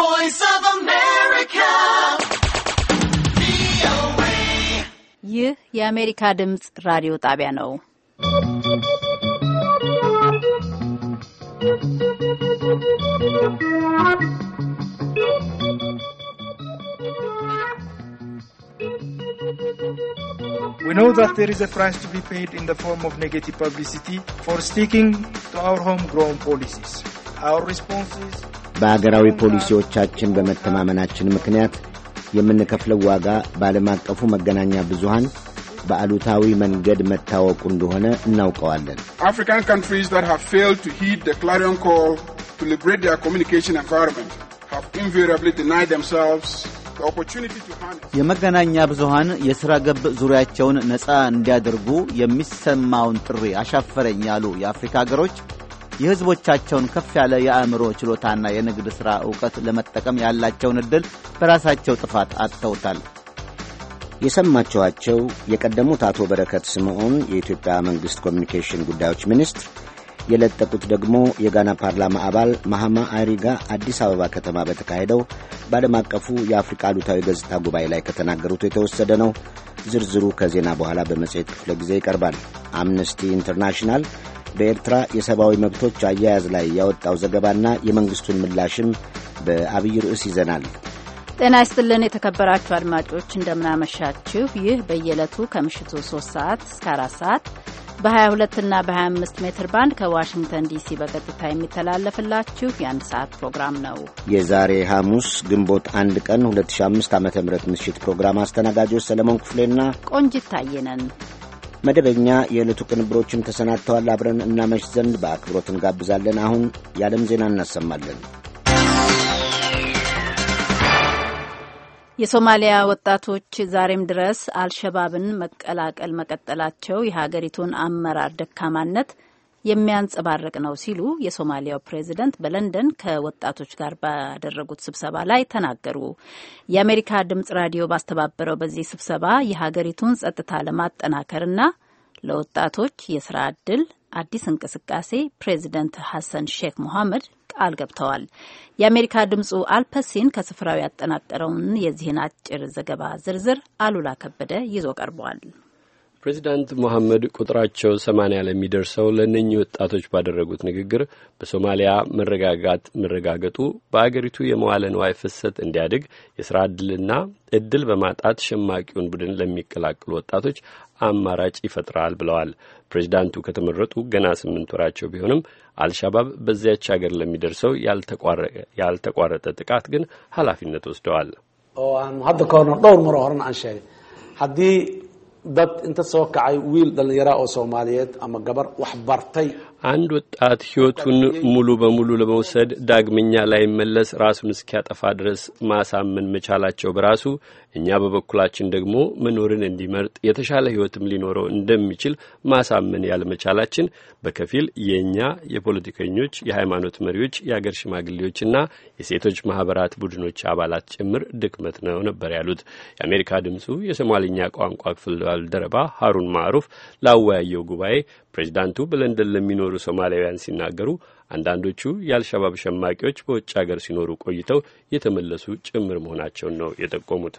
voice of America. ይህ የአሜሪካ ድምፅ ራዲዮ ጣቢያ ነው። We know that there is a price to be paid in the form of negative publicity for sticking to our homegrown policies. Our response is በአገራዊ ፖሊሲዎቻችን በመተማመናችን ምክንያት የምንከፍለው ዋጋ በዓለም አቀፉ መገናኛ ብዙሃን በአሉታዊ መንገድ መታወቁ እንደሆነ እናውቀዋለን። አፍሪካን ካንትሪስ ዛት ሃቭ ፌልድ ቱ ሂድ ዘ ክላሪዮን ኮል ቱ ሊብሬት ኮሚኒኬሽን ኤንቫይሮንመንት ሃቭ ዲናይድ የመገናኛ ብዙሃን የሥራ ገብ ዙሪያቸውን ነፃ እንዲያደርጉ የሚሰማውን ጥሪ አሻፈረኝ ያሉ የአፍሪካ አገሮች የሕዝቦቻቸውን ከፍ ያለ የአእምሮ ችሎታና የንግድ ሥራ ዕውቀት ለመጠቀም ያላቸውን ዕድል በራሳቸው ጥፋት አጥተውታል። የሰማችኋቸው የቀደሙት አቶ በረከት ስምዖን የኢትዮጵያ መንግሥት ኮሚኒኬሽን ጉዳዮች ሚኒስትር፣ የለጠቁት ደግሞ የጋና ፓርላማ አባል ማሃማ አሪጋ አዲስ አበባ ከተማ በተካሄደው በዓለም አቀፉ የአፍሪቃ አሉታዊ ገጽታ ጉባኤ ላይ ከተናገሩት የተወሰደ ነው። ዝርዝሩ ከዜና በኋላ በመጽሔት ክፍለ ጊዜ ይቀርባል። አምነስቲ ኢንተርናሽናል በኤርትራ የሰብአዊ መብቶች አያያዝ ላይ ያወጣው ዘገባና የመንግስቱን ምላሽም በአብይ ርዕስ ይዘናል። ጤና ይስጥልን የተከበራችሁ አድማጮች እንደምናመሻችሁ። ይህ በየዕለቱ ከምሽቱ 3 ሰዓት እስከ 4 ሰዓት በ22ና በ25 ሜትር ባንድ ከዋሽንግተን ዲሲ በቀጥታ የሚተላለፍላችሁ የአንድ ሰዓት ፕሮግራም ነው። የዛሬ ሐሙስ ግንቦት አንድ ቀን 2005 ዓ ም ምሽት ፕሮግራም አስተናጋጆች ሰለሞን ክፍሌና ቆንጅት ታየነን መደበኛ የዕለቱ ቅንብሮችም ተሰናድተዋል። አብረን እናመሽ ዘንድ በአክብሮት እንጋብዛለን። አሁን የዓለም ዜና እናሰማለን። የሶማሊያ ወጣቶች ዛሬም ድረስ አልሸባብን መቀላቀል መቀጠላቸው የሀገሪቱን አመራር ደካማነት የሚያንጸባርቅ ነው ሲሉ የሶማሊያው ፕሬዚደንት በለንደን ከወጣቶች ጋር ባደረጉት ስብሰባ ላይ ተናገሩ። የአሜሪካ ድምጽ ራዲዮ ባስተባበረው በዚህ ስብሰባ የሀገሪቱን ጸጥታ ለማጠናከርና ለወጣቶች የስራ ዕድል አዲስ እንቅስቃሴ ፕሬዚደንት ሐሰን ሼክ ሞሐመድ ቃል ገብተዋል። የአሜሪካ ድምጹ አልፐሲን ከስፍራው ያጠናቀረውን የዚህን አጭር ዘገባ ዝርዝር አሉላ ከበደ ይዞ ቀርቧል። ፕሬዚዳንት ሞሐመድ ቁጥራቸው ሰማንያ ለሚደርሰው ለእነኚህ ወጣቶች ባደረጉት ንግግር በሶማሊያ መረጋጋት መረጋገጡ በአገሪቱ የመዋለ ንዋይ ፍሰት እንዲያድግ የስራ ዕድልና እድል በማጣት ሸማቂውን ቡድን ለሚቀላቅሉ ወጣቶች አማራጭ ይፈጥራል ብለዋል። ፕሬዚዳንቱ ከተመረጡ ገና ስምንት ወራቸው ቢሆንም አልሻባብ በዚያች ሀገር ለሚደርሰው ያልተቋረጠ ጥቃት ግን ኃላፊነት ወስደዋል። oh, dad inta soo kacay wiil dhallinyaraa oo soomaaliyeed ama gabar wax bartay አንድ ወጣት ሕይወቱን ሙሉ በሙሉ ለመውሰድ ዳግመኛ ላይመለስ ራሱን እስኪያጠፋ ድረስ ማሳመን መቻላቸው በራሱ እኛ በበኩላችን ደግሞ መኖርን እንዲመርጥ የተሻለ ሕይወትም ሊኖረው እንደሚችል ማሳመን ያለመቻላችን በከፊል የእኛ የፖለቲከኞች፣ የሃይማኖት መሪዎች፣ የአገር ሽማግሌዎችና የሴቶች ማህበራት ቡድኖች አባላት ጭምር ድክመት ነው ነበር ያሉት የአሜሪካ ድምጹ የሶማሊኛ ቋንቋ ክፍል ባልደረባ ሀሩን ማዕሩፍ ላወያየው ጉባኤ ፕሬዚዳንቱ በለንደን ለሚኖሩ ሶማሊያውያን ሲናገሩ አንዳንዶቹ የአልሸባብ ሸማቂዎች በውጭ ሀገር ሲኖሩ ቆይተው የተመለሱ ጭምር መሆናቸውን ነው የጠቆሙት።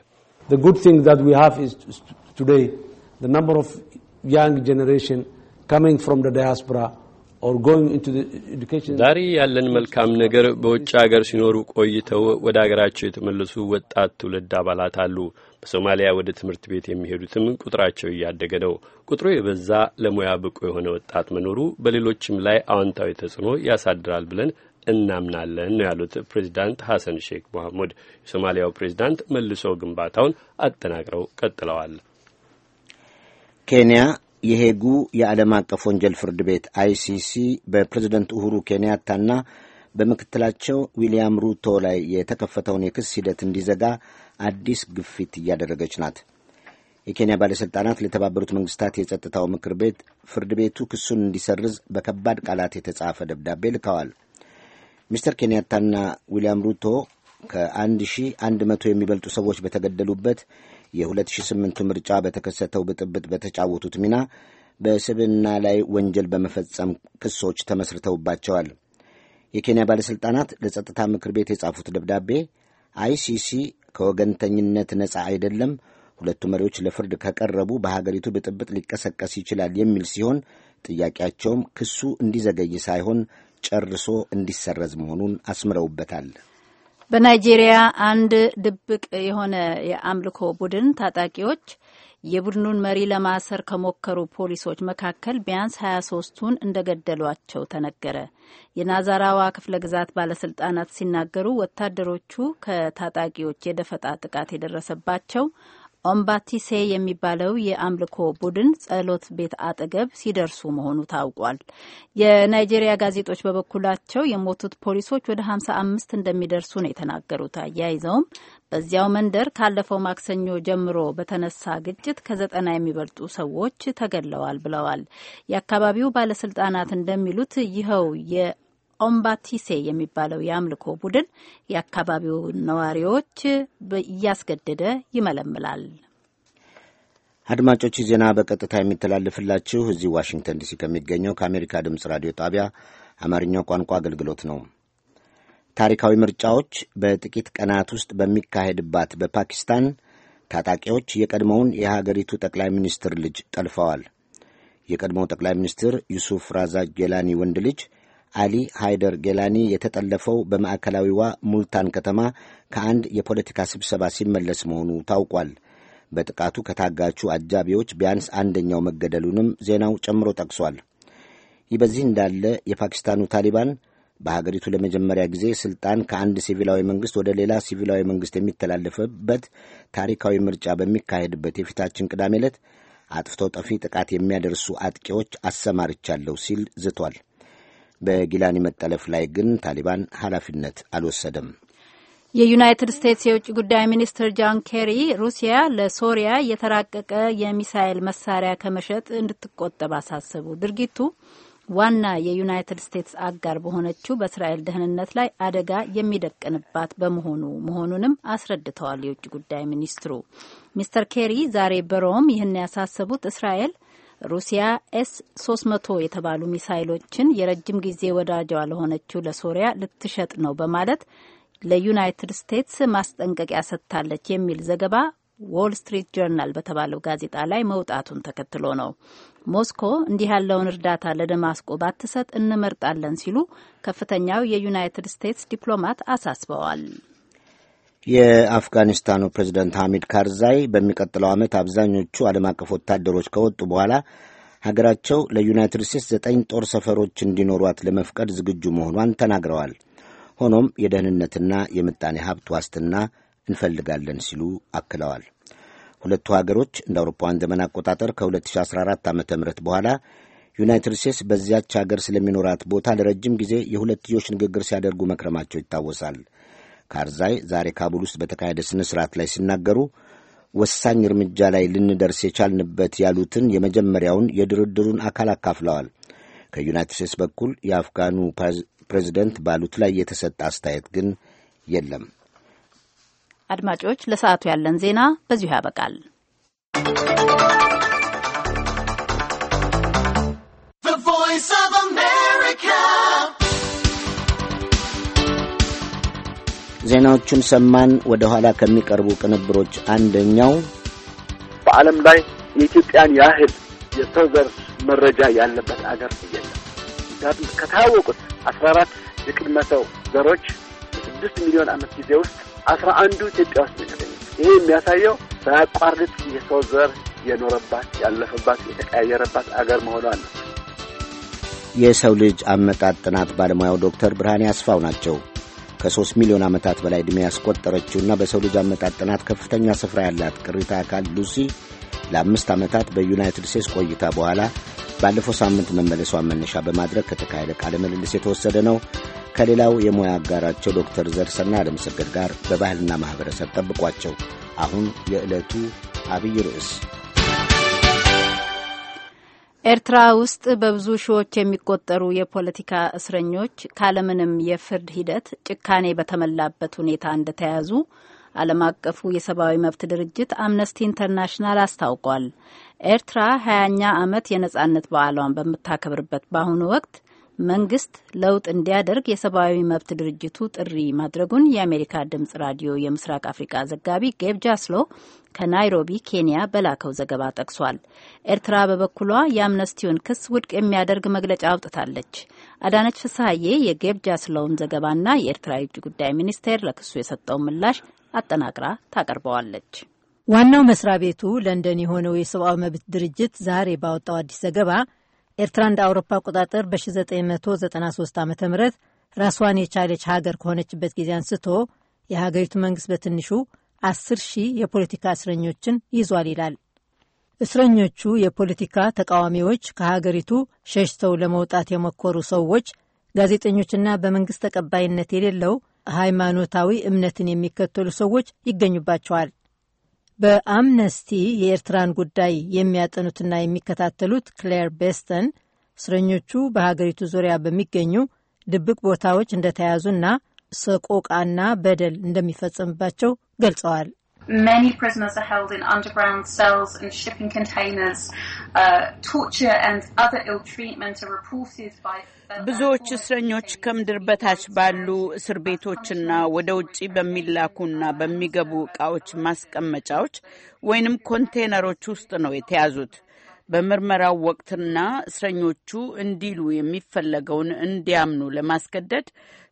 ዛሬ ያለን መልካም ነገር በውጭ ሀገር ሲኖሩ ቆይተው ወደ ሀገራቸው የተመለሱ ወጣት ትውልድ አባላት አሉ። በሶማሊያ ወደ ትምህርት ቤት የሚሄዱትም ቁጥራቸው እያደገ ነው። ቁጥሩ የበዛ ለሙያ ብቁ የሆነ ወጣት መኖሩ በሌሎችም ላይ አዎንታዊ ተጽዕኖ ያሳድራል ብለን እናምናለን ነው ያሉት ፕሬዚዳንት ሐሰን ሼክ መሐሙድ። የሶማሊያው ፕሬዚዳንት መልሶ ግንባታውን አጠናቅረው ቀጥለዋል። ኬንያ የሄጉ የዓለም አቀፍ ወንጀል ፍርድ ቤት አይሲሲ በፕሬዝደንት ኡሁሩ ኬንያታና በምክትላቸው ዊልያም ሩቶ ላይ የተከፈተውን የክስ ሂደት እንዲዘጋ አዲስ ግፊት እያደረገች ናት። የኬንያ ባለሥልጣናት ለተባበሩት መንግሥታት የጸጥታው ምክር ቤት ፍርድ ቤቱ ክሱን እንዲሰርዝ በከባድ ቃላት የተጻፈ ደብዳቤ ልከዋል። ሚስተር ኬንያታና ዊልያም ሩቶ ከ1100 የሚበልጡ ሰዎች በተገደሉበት የ2008 ምርጫ በተከሰተው ብጥብጥ በተጫወቱት ሚና በስብና ላይ ወንጀል በመፈጸም ክሶች ተመስርተውባቸዋል። የኬንያ ባለሥልጣናት ለጸጥታ ምክር ቤት የጻፉት ደብዳቤ አይሲሲ ከወገንተኝነት ነፃ አይደለም፣ ሁለቱ መሪዎች ለፍርድ ከቀረቡ በሀገሪቱ ብጥብጥ ሊቀሰቀስ ይችላል የሚል ሲሆን ጥያቄያቸውም ክሱ እንዲዘገይ ሳይሆን ጨርሶ እንዲሰረዝ መሆኑን አስምረውበታል። በናይጄሪያ አንድ ድብቅ የሆነ የአምልኮ ቡድን ታጣቂዎች የቡድኑን መሪ ለማሰር ከሞከሩ ፖሊሶች መካከል ቢያንስ 23ቱን እንደገደሏቸው ተነገረ። የናዛራዋ ክፍለ ግዛት ባለስልጣናት ሲናገሩ ወታደሮቹ ከታጣቂዎች የደፈጣ ጥቃት የደረሰባቸው ኦምባቲሴ የሚባለው የአምልኮ ቡድን ጸሎት ቤት አጠገብ ሲደርሱ መሆኑ ታውቋል። የናይጄሪያ ጋዜጦች በበኩላቸው የሞቱት ፖሊሶች ወደ ሀምሳ አምስት እንደሚደርሱ ነው የተናገሩት። አያይዘውም በዚያው መንደር ካለፈው ማክሰኞ ጀምሮ በተነሳ ግጭት ከዘጠና የሚበልጡ ሰዎች ተገድለዋል ብለዋል። የአካባቢው ባለስልጣናት እንደሚሉት ይኸው ኦምባቲሴ የሚባለው የአምልኮ ቡድን የአካባቢው ነዋሪዎች እያስገደደ ይመለምላል። አድማጮች ዜና በቀጥታ የሚተላልፍላችሁ እዚህ ዋሽንግተን ዲሲ ከሚገኘው ከአሜሪካ ድምፅ ራዲዮ ጣቢያ አማርኛው ቋንቋ አገልግሎት ነው። ታሪካዊ ምርጫዎች በጥቂት ቀናት ውስጥ በሚካሄድባት በፓኪስታን ታጣቂዎች የቀድሞውን የሀገሪቱ ጠቅላይ ሚኒስትር ልጅ ጠልፈዋል። የቀድሞው ጠቅላይ ሚኒስትር ዩሱፍ ራዛ ጌላኒ ወንድ ልጅ አሊ ሃይደር ጌላኒ የተጠለፈው በማዕከላዊዋ ሙልታን ከተማ ከአንድ የፖለቲካ ስብሰባ ሲመለስ መሆኑ ታውቋል። በጥቃቱ ከታጋቹ አጃቢዎች ቢያንስ አንደኛው መገደሉንም ዜናው ጨምሮ ጠቅሷል። ይህ በዚህ እንዳለ የፓኪስታኑ ታሊባን በሀገሪቱ ለመጀመሪያ ጊዜ ስልጣን ከአንድ ሲቪላዊ መንግስት ወደ ሌላ ሲቪላዊ መንግስት የሚተላለፍበት ታሪካዊ ምርጫ በሚካሄድበት የፊታችን ቅዳሜ ዕለት አጥፍቶ ጠፊ ጥቃት የሚያደርሱ አጥቂዎች አሰማርቻለሁ ሲል ዝቷል። በጊላኒ መጠለፍ ላይ ግን ታሊባን ኃላፊነት አልወሰደም። የዩናይትድ ስቴትስ የውጭ ጉዳይ ሚኒስትር ጆን ኬሪ ሩሲያ ለሶሪያ የተራቀቀ የሚሳኤል መሳሪያ ከመሸጥ እንድትቆጠብ አሳሰቡ። ድርጊቱ ዋና የዩናይትድ ስቴትስ አጋር በሆነችው በእስራኤል ደህንነት ላይ አደጋ የሚደቅንባት በመሆኑ መሆኑንም አስረድተዋል። የውጭ ጉዳይ ሚኒስትሩ ሚስተር ኬሪ ዛሬ በሮም ይህን ያሳሰቡት እስራኤል ሩሲያ ኤስ 300 የተባሉ ሚሳይሎችን የረጅም ጊዜ ወዳጇ ለሆነችው ለሶሪያ ልትሸጥ ነው በማለት ለዩናይትድ ስቴትስ ማስጠንቀቂያ ሰጥታለች የሚል ዘገባ ዎል ስትሪት ጆርናል በተባለው ጋዜጣ ላይ መውጣቱን ተከትሎ ነው። ሞስኮ እንዲህ ያለውን እርዳታ ለደማስቆ ባትሰጥ እንመርጣለን ሲሉ ከፍተኛው የዩናይትድ ስቴትስ ዲፕሎማት አሳስበዋል። የአፍጋኒስታኑ ፕሬዚደንት ሐሚድ ካርዛይ በሚቀጥለው ዓመት አብዛኞቹ ዓለም አቀፍ ወታደሮች ከወጡ በኋላ ሀገራቸው ለዩናይትድ ስቴትስ ዘጠኝ ጦር ሰፈሮች እንዲኖሯት ለመፍቀድ ዝግጁ መሆኗን ተናግረዋል። ሆኖም የደህንነትና የምጣኔ ሀብት ዋስትና እንፈልጋለን ሲሉ አክለዋል። ሁለቱ ሀገሮች እንደ አውሮፓውያን ዘመን አቆጣጠር ከ2014 ዓ ም በኋላ ዩናይትድ ስቴትስ በዚያች ሀገር ስለሚኖራት ቦታ ለረጅም ጊዜ የሁለትዮሽ ንግግር ሲያደርጉ መክረማቸው ይታወሳል። ካርዛይ ዛሬ ካቡል ውስጥ በተካሄደ ስነ ስርዓት ላይ ሲናገሩ ወሳኝ እርምጃ ላይ ልንደርስ የቻልንበት ያሉትን የመጀመሪያውን የድርድሩን አካል አካፍለዋል። ከዩናይትድ ስቴትስ በኩል የአፍጋኑ ፕሬዚደንት ባሉት ላይ የተሰጠ አስተያየት ግን የለም። አድማጮች፣ ለሰዓቱ ያለን ዜና በዚሁ ያበቃል። ቮይስ ኦፍ አሜሪካ ዜናዎቹን ሰማን። ወደ ኋላ ከሚቀርቡ ቅንብሮች አንደኛው በዓለም ላይ የኢትዮጵያን ያህል የሰው ዘር መረጃ ያለበት አገር የለም። ከታወቁት አስራ አራት የቅድመ ሰው ዘሮች ስድስት ሚሊዮን ዓመት ጊዜ ውስጥ አስራ አንዱ ኢትዮጵያ ውስጥ የተገኘ ይሄ የሚያሳየው ሳያቋርጥ የሰው ዘር የኖረባት ያለፈባት፣ የተቀያየረባት አገር መሆኗን ነው። የሰው ልጅ አመጣጥ ጥናት ባለሙያው ዶክተር ብርሃኔ አስፋው ናቸው። ከሦስት ሚሊዮን ዓመታት በላይ ዕድሜ ያስቆጠረችውና በሰው ልጅ አመጣጥ ጥናት ከፍተኛ ስፍራ ያላት ቅሪተ አካል ሉሲ ለአምስት ዓመታት በዩናይትድ ስቴትስ ቆይታ በኋላ ባለፈው ሳምንት መመለሷን መነሻ በማድረግ ከተካሄደ ቃለ ምልልስ የተወሰደ ነው። ከሌላው የሙያ አጋራቸው ዶክተር ዘርሰና አለምሰገድ ጋር በባህልና ማኅበረሰብ ጠብቋቸው። አሁን የዕለቱ አብይ ርዕስ ኤርትራ ውስጥ በብዙ ሺዎች የሚቆጠሩ የፖለቲካ እስረኞች ካለምንም የፍርድ ሂደት ጭካኔ በተሞላበት ሁኔታ እንደተያዙ ዓለም አቀፉ የሰብአዊ መብት ድርጅት አምነስቲ ኢንተርናሽናል አስታውቋል። ኤርትራ ሀያኛ ዓመት የነጻነት በዓሏን በምታከብርበት በአሁኑ ወቅት መንግስት ለውጥ እንዲያደርግ የሰብአዊ መብት ድርጅቱ ጥሪ ማድረጉን የአሜሪካ ድምጽ ራዲዮ የምስራቅ አፍሪካ ዘጋቢ ጌብ ጃስሎ ከናይሮቢ ኬንያ በላከው ዘገባ ጠቅሷል። ኤርትራ በበኩሏ የአምነስቲውን ክስ ውድቅ የሚያደርግ መግለጫ አውጥታለች። አዳነች ፍስሀዬ የጌብ ጃስሎውን ዘገባና የኤርትራ የውጭ ጉዳይ ሚኒስቴር ለክሱ የሰጠው ምላሽ አጠናቅራ ታቀርበዋለች። ዋናው መስሪያ ቤቱ ለንደን የሆነው የሰብአዊ መብት ድርጅት ዛሬ ባወጣው አዲስ ዘገባ ኤርትራ እንደ አውሮፓ አቆጣጠር በ1993 ዓ ም ራስዋን የቻለች ሀገር ከሆነችበት ጊዜ አንስቶ የሀገሪቱ መንግሥት በትንሹ 10 ሺህ የፖለቲካ እስረኞችን ይዟል ይላል። እስረኞቹ የፖለቲካ ተቃዋሚዎች፣ ከሀገሪቱ ሸሽተው ለመውጣት የሞከሩ ሰዎች፣ ጋዜጠኞችና በመንግሥት ተቀባይነት የሌለው ሃይማኖታዊ እምነትን የሚከተሉ ሰዎች ይገኙባቸዋል። በአምነስቲ የኤርትራን ጉዳይ የሚያጠኑትና የሚከታተሉት ክሌር ቤስተን እስረኞቹ በሀገሪቱ ዙሪያ በሚገኙ ድብቅ ቦታዎች እንደተያዙና ሰቆቃና በደል እንደሚፈጸምባቸው ገልጸዋል። Many prisoners are held in underground cells and shipping containers. Uh, torture and other ill treatment are reported by ብዙዎች እስረኞች ከምድር በታች ባሉ እስር ቤቶችና ወደ ውጭ በሚላኩና በሚገቡ ማስቀመጫዎች ወይንም ኮንቴነሮች ውስጥ ነው የተያዙት። በምርመራው ወቅትና እስረኞቹ እንዲሉ የሚፈለገውን እንዲያምኑ ለማስገደድ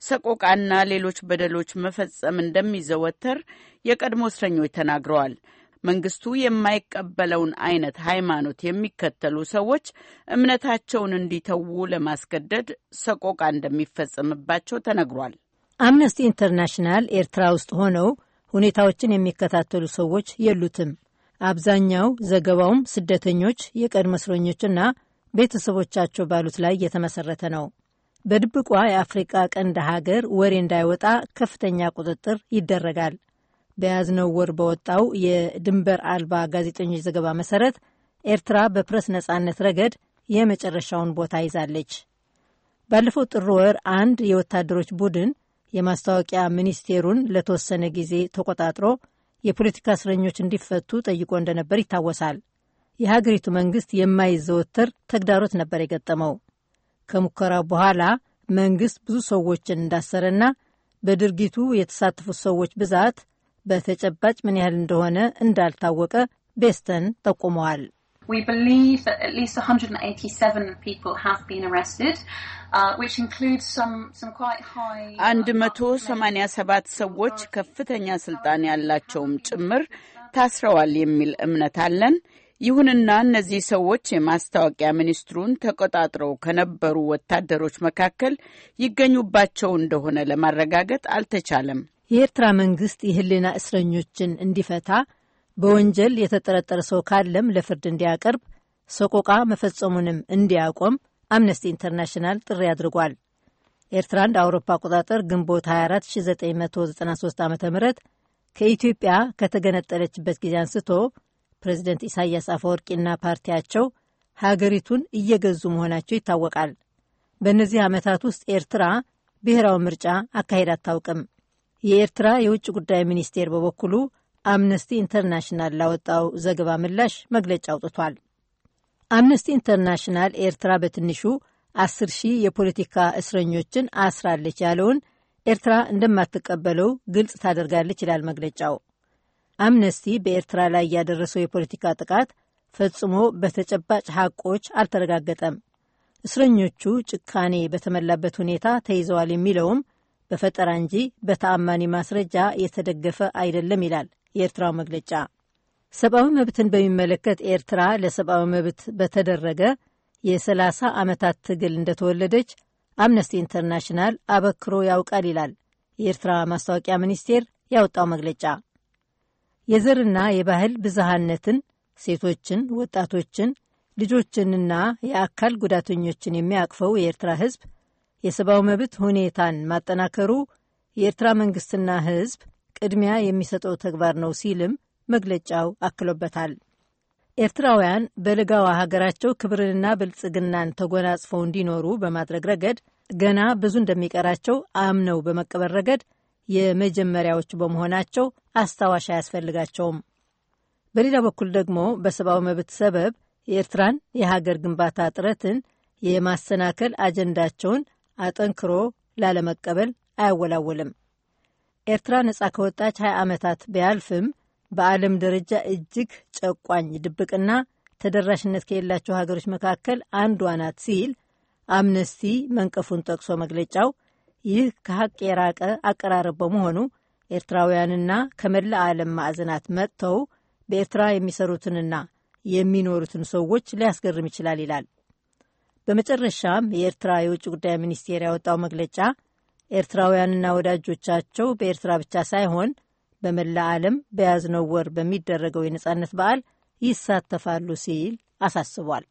ሰቆቃና ሌሎች በደሎች መፈጸም እንደሚዘወተር የቀድሞ እስረኞች ተናግረዋል። መንግስቱ የማይቀበለውን አይነት ሃይማኖት የሚከተሉ ሰዎች እምነታቸውን እንዲተዉ ለማስገደድ ሰቆቃ እንደሚፈጸምባቸው ተነግሯል። አምነስቲ ኢንተርናሽናል ኤርትራ ውስጥ ሆነው ሁኔታዎችን የሚከታተሉ ሰዎች የሉትም አብዛኛው ዘገባውም ስደተኞች፣ የቀድሞ እስረኞችና ቤተሰቦቻቸው ባሉት ላይ እየተመሰረተ ነው። በድብቋ የአፍሪቃ ቀንድ ሀገር ወሬ እንዳይወጣ ከፍተኛ ቁጥጥር ይደረጋል። በያዝነው ወር በወጣው የድንበር አልባ ጋዜጠኞች ዘገባ መሰረት ኤርትራ በፕረስ ነጻነት ረገድ የመጨረሻውን ቦታ ይዛለች። ባለፈው ጥር ወር አንድ የወታደሮች ቡድን የማስታወቂያ ሚኒስቴሩን ለተወሰነ ጊዜ ተቆጣጥሮ የፖለቲካ እስረኞች እንዲፈቱ ጠይቆ እንደነበር ይታወሳል። የሀገሪቱ መንግስት የማይዘወትር ተግዳሮት ነበር የገጠመው። ከሙከራው በኋላ መንግስት ብዙ ሰዎችን እንዳሰረና በድርጊቱ የተሳተፉት ሰዎች ብዛት በተጨባጭ ምን ያህል እንደሆነ እንዳልታወቀ ቤስተን ጠቁመዋል። Uh, uh, አንድ መቶ ሰማኒያ ሰባት ሰዎች ከፍተኛ ስልጣን ያላቸውም ጭምር ታስረዋል የሚል እምነት አለን። ይሁንና እነዚህ ሰዎች የማስታወቂያ ሚኒስትሩን ተቆጣጥረው ከነበሩ ወታደሮች መካከል ይገኙባቸው እንደሆነ ለማረጋገጥ አልተቻለም። የኤርትራ መንግስት የህሊና እስረኞችን እንዲፈታ በወንጀል የተጠረጠረ ሰው ካለም ለፍርድ እንዲያቀርብ፣ ሰቆቃ መፈጸሙንም እንዲያቆም አምነስቲ ኢንተርናሽናል ጥሪ አድርጓል። ኤርትራ እንደ አውሮፓ አቆጣጠር ግንቦት 24 1993 ዓ ም ከኢትዮጵያ ከተገነጠለችበት ጊዜ አንስቶ ፕሬዚደንት ኢሳያስ አፈወርቂና ፓርቲያቸው ሀገሪቱን እየገዙ መሆናቸው ይታወቃል። በእነዚህ ዓመታት ውስጥ ኤርትራ ብሔራዊ ምርጫ አካሄድ አታውቅም። የኤርትራ የውጭ ጉዳይ ሚኒስቴር በበኩሉ አምነስቲ ኢንተርናሽናል ላወጣው ዘገባ ምላሽ መግለጫ አውጥቷል። አምነስቲ ኢንተርናሽናል ኤርትራ በትንሹ አስር ሺህ የፖለቲካ እስረኞችን አስራለች ያለውን ኤርትራ እንደማትቀበለው ግልጽ ታደርጋለች ይላል መግለጫው። አምነስቲ በኤርትራ ላይ ያደረሰው የፖለቲካ ጥቃት ፈጽሞ በተጨባጭ ሐቆች አልተረጋገጠም፣ እስረኞቹ ጭካኔ በተሞላበት ሁኔታ ተይዘዋል የሚለውም በፈጠራ እንጂ በተአማኒ ማስረጃ የተደገፈ አይደለም ይላል የኤርትራው መግለጫ። ሰብአዊ መብትን በሚመለከት ኤርትራ ለሰብአዊ መብት በተደረገ የ30 ዓመታት ትግል እንደተወለደች አምነስቲ ኢንተርናሽናል አበክሮ ያውቃል ይላል የኤርትራ ማስታወቂያ ሚኒስቴር ያወጣው መግለጫ። የዘርና የባህል ብዝሃነትን፣ ሴቶችን፣ ወጣቶችን፣ ልጆችንና የአካል ጉዳተኞችን የሚያቅፈው የኤርትራ ህዝብ የሰብአዊ መብት ሁኔታን ማጠናከሩ የኤርትራ መንግስትና ህዝብ ቅድሚያ የሚሰጠው ተግባር ነው ሲልም መግለጫው አክሎበታል። ኤርትራውያን በልጋዋ ሀገራቸው ክብርንና ብልጽግናን ተጎናጽፈው እንዲኖሩ በማድረግ ረገድ ገና ብዙ እንደሚቀራቸው አምነው በመቀበል ረገድ የመጀመሪያዎቹ በመሆናቸው አስታዋሽ አያስፈልጋቸውም። በሌላ በኩል ደግሞ በሰብአዊ መብት ሰበብ የኤርትራን የሀገር ግንባታ ጥረትን የማሰናከል አጀንዳቸውን አጠንክሮ ላለመቀበል አያወላወልም። ኤርትራ ነጻ ከወጣች 20 ዓመታት ቢያልፍም በዓለም ደረጃ እጅግ ጨቋኝ፣ ድብቅና ተደራሽነት ከሌላቸው ሀገሮች መካከል አንዷ ናት ሲል አምነስቲ መንቀፉን ጠቅሶ መግለጫው ይህ ከሀቅ የራቀ አቀራረብ በመሆኑ ኤርትራውያንና ከመላ ዓለም ማዕዘናት መጥተው በኤርትራ የሚሰሩትንና የሚኖሩትን ሰዎች ሊያስገርም ይችላል ይላል። በመጨረሻም የኤርትራ የውጭ ጉዳይ ሚኒስቴር ያወጣው መግለጫ ኤርትራውያንና ወዳጆቻቸው በኤርትራ ብቻ ሳይሆን በመላ ዓለም በያዝነው ወር በሚደረገው የነጻነት በዓል ይሳተፋሉ ሲል አሳስቧል።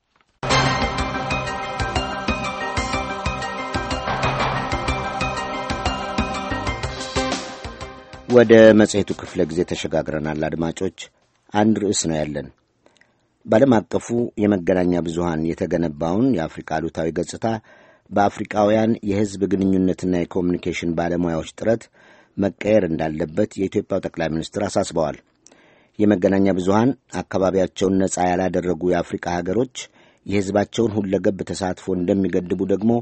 ወደ መጽሔቱ ክፍለ ጊዜ ተሸጋግረናል። አድማጮች፣ አንድ ርዕስ ነው ያለን። በዓለም አቀፉ የመገናኛ ብዙሃን የተገነባውን የአፍሪቃ አሉታዊ ገጽታ በአፍሪቃውያን የሕዝብ ግንኙነትና የኮሚኒኬሽን ባለሙያዎች ጥረት መቀየር እንዳለበት የኢትዮጵያው ጠቅላይ ሚኒስትር አሳስበዋል። የመገናኛ ብዙሃን አካባቢያቸውን ነጻ ያላደረጉ የአፍሪካ ሀገሮች የሕዝባቸውን ሁለገብ ተሳትፎ እንደሚገድቡ ደግሞ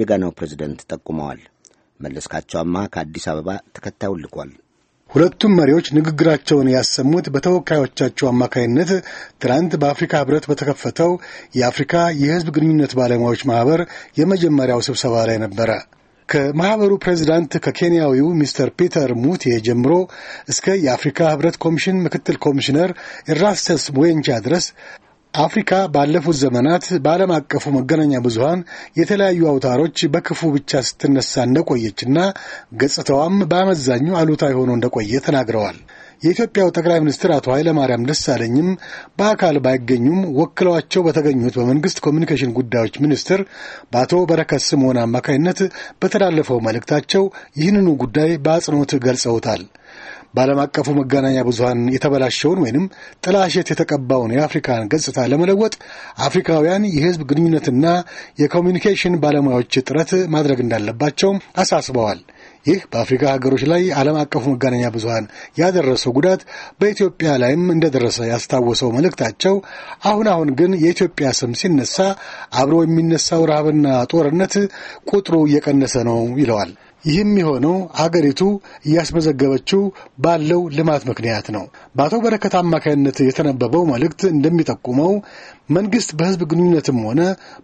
የጋናው ፕሬዝደንት ጠቁመዋል። መለስካቸው ከአዲስ አበባ ተከታዩን ልኳል። ሁለቱም መሪዎች ንግግራቸውን ያሰሙት በተወካዮቻቸው አማካይነት ትናንት በአፍሪካ ህብረት በተከፈተው የአፍሪካ የህዝብ ግንኙነት ባለሙያዎች ማህበር የመጀመሪያው ስብሰባ ላይ ነበረ። ከማህበሩ ፕሬዚዳንት ከኬንያዊው ሚስተር ፒተር ሙቴ ጀምሮ እስከ የአፍሪካ ህብረት ኮሚሽን ምክትል ኮሚሽነር ኤራስተስ ሞዌንቻ ድረስ አፍሪካ ባለፉት ዘመናት በዓለም አቀፉ መገናኛ ብዙሃን የተለያዩ አውታሮች በክፉ ብቻ ስትነሳ እንደቆየችና ገጽታዋም በአመዛኙ አሉታዊ ሆኖ እንደቆየ ተናግረዋል። የኢትዮጵያው ጠቅላይ ሚኒስትር አቶ ኃይለማርያም ደሳለኝም በአካል ባይገኙም ወክለዋቸው በተገኙት በመንግስት ኮሚኒኬሽን ጉዳዮች ሚኒስትር በአቶ በረከት ስምዖን አማካኝነት በተላለፈው መልእክታቸው ይህንኑ ጉዳይ በአጽንኦት ገልጸውታል። በዓለም አቀፉ መገናኛ ብዙሀን የተበላሸውን ወይንም ጥላሸት የተቀባውን የአፍሪካን ገጽታ ለመለወጥ አፍሪካውያን የህዝብ ግንኙነትና የኮሚኒኬሽን ባለሙያዎች ጥረት ማድረግ እንዳለባቸውም አሳስበዋል። ይህ በአፍሪካ ሀገሮች ላይ ዓለም አቀፉ መገናኛ ብዙሃን ያደረሰው ጉዳት በኢትዮጵያ ላይም እንደደረሰ ያስታወሰው መልእክታቸው፣ አሁን አሁን ግን የኢትዮጵያ ስም ሲነሳ አብሮ የሚነሳው ረሃብና ጦርነት ቁጥሩ እየቀነሰ ነው ይለዋል። ይህም የሆነው አገሪቱ እያስመዘገበችው ባለው ልማት ምክንያት ነው። በአቶ በረከት አማካይነት የተነበበው መልእክት እንደሚጠቁመው መንግስት በህዝብ ግንኙነትም ሆነ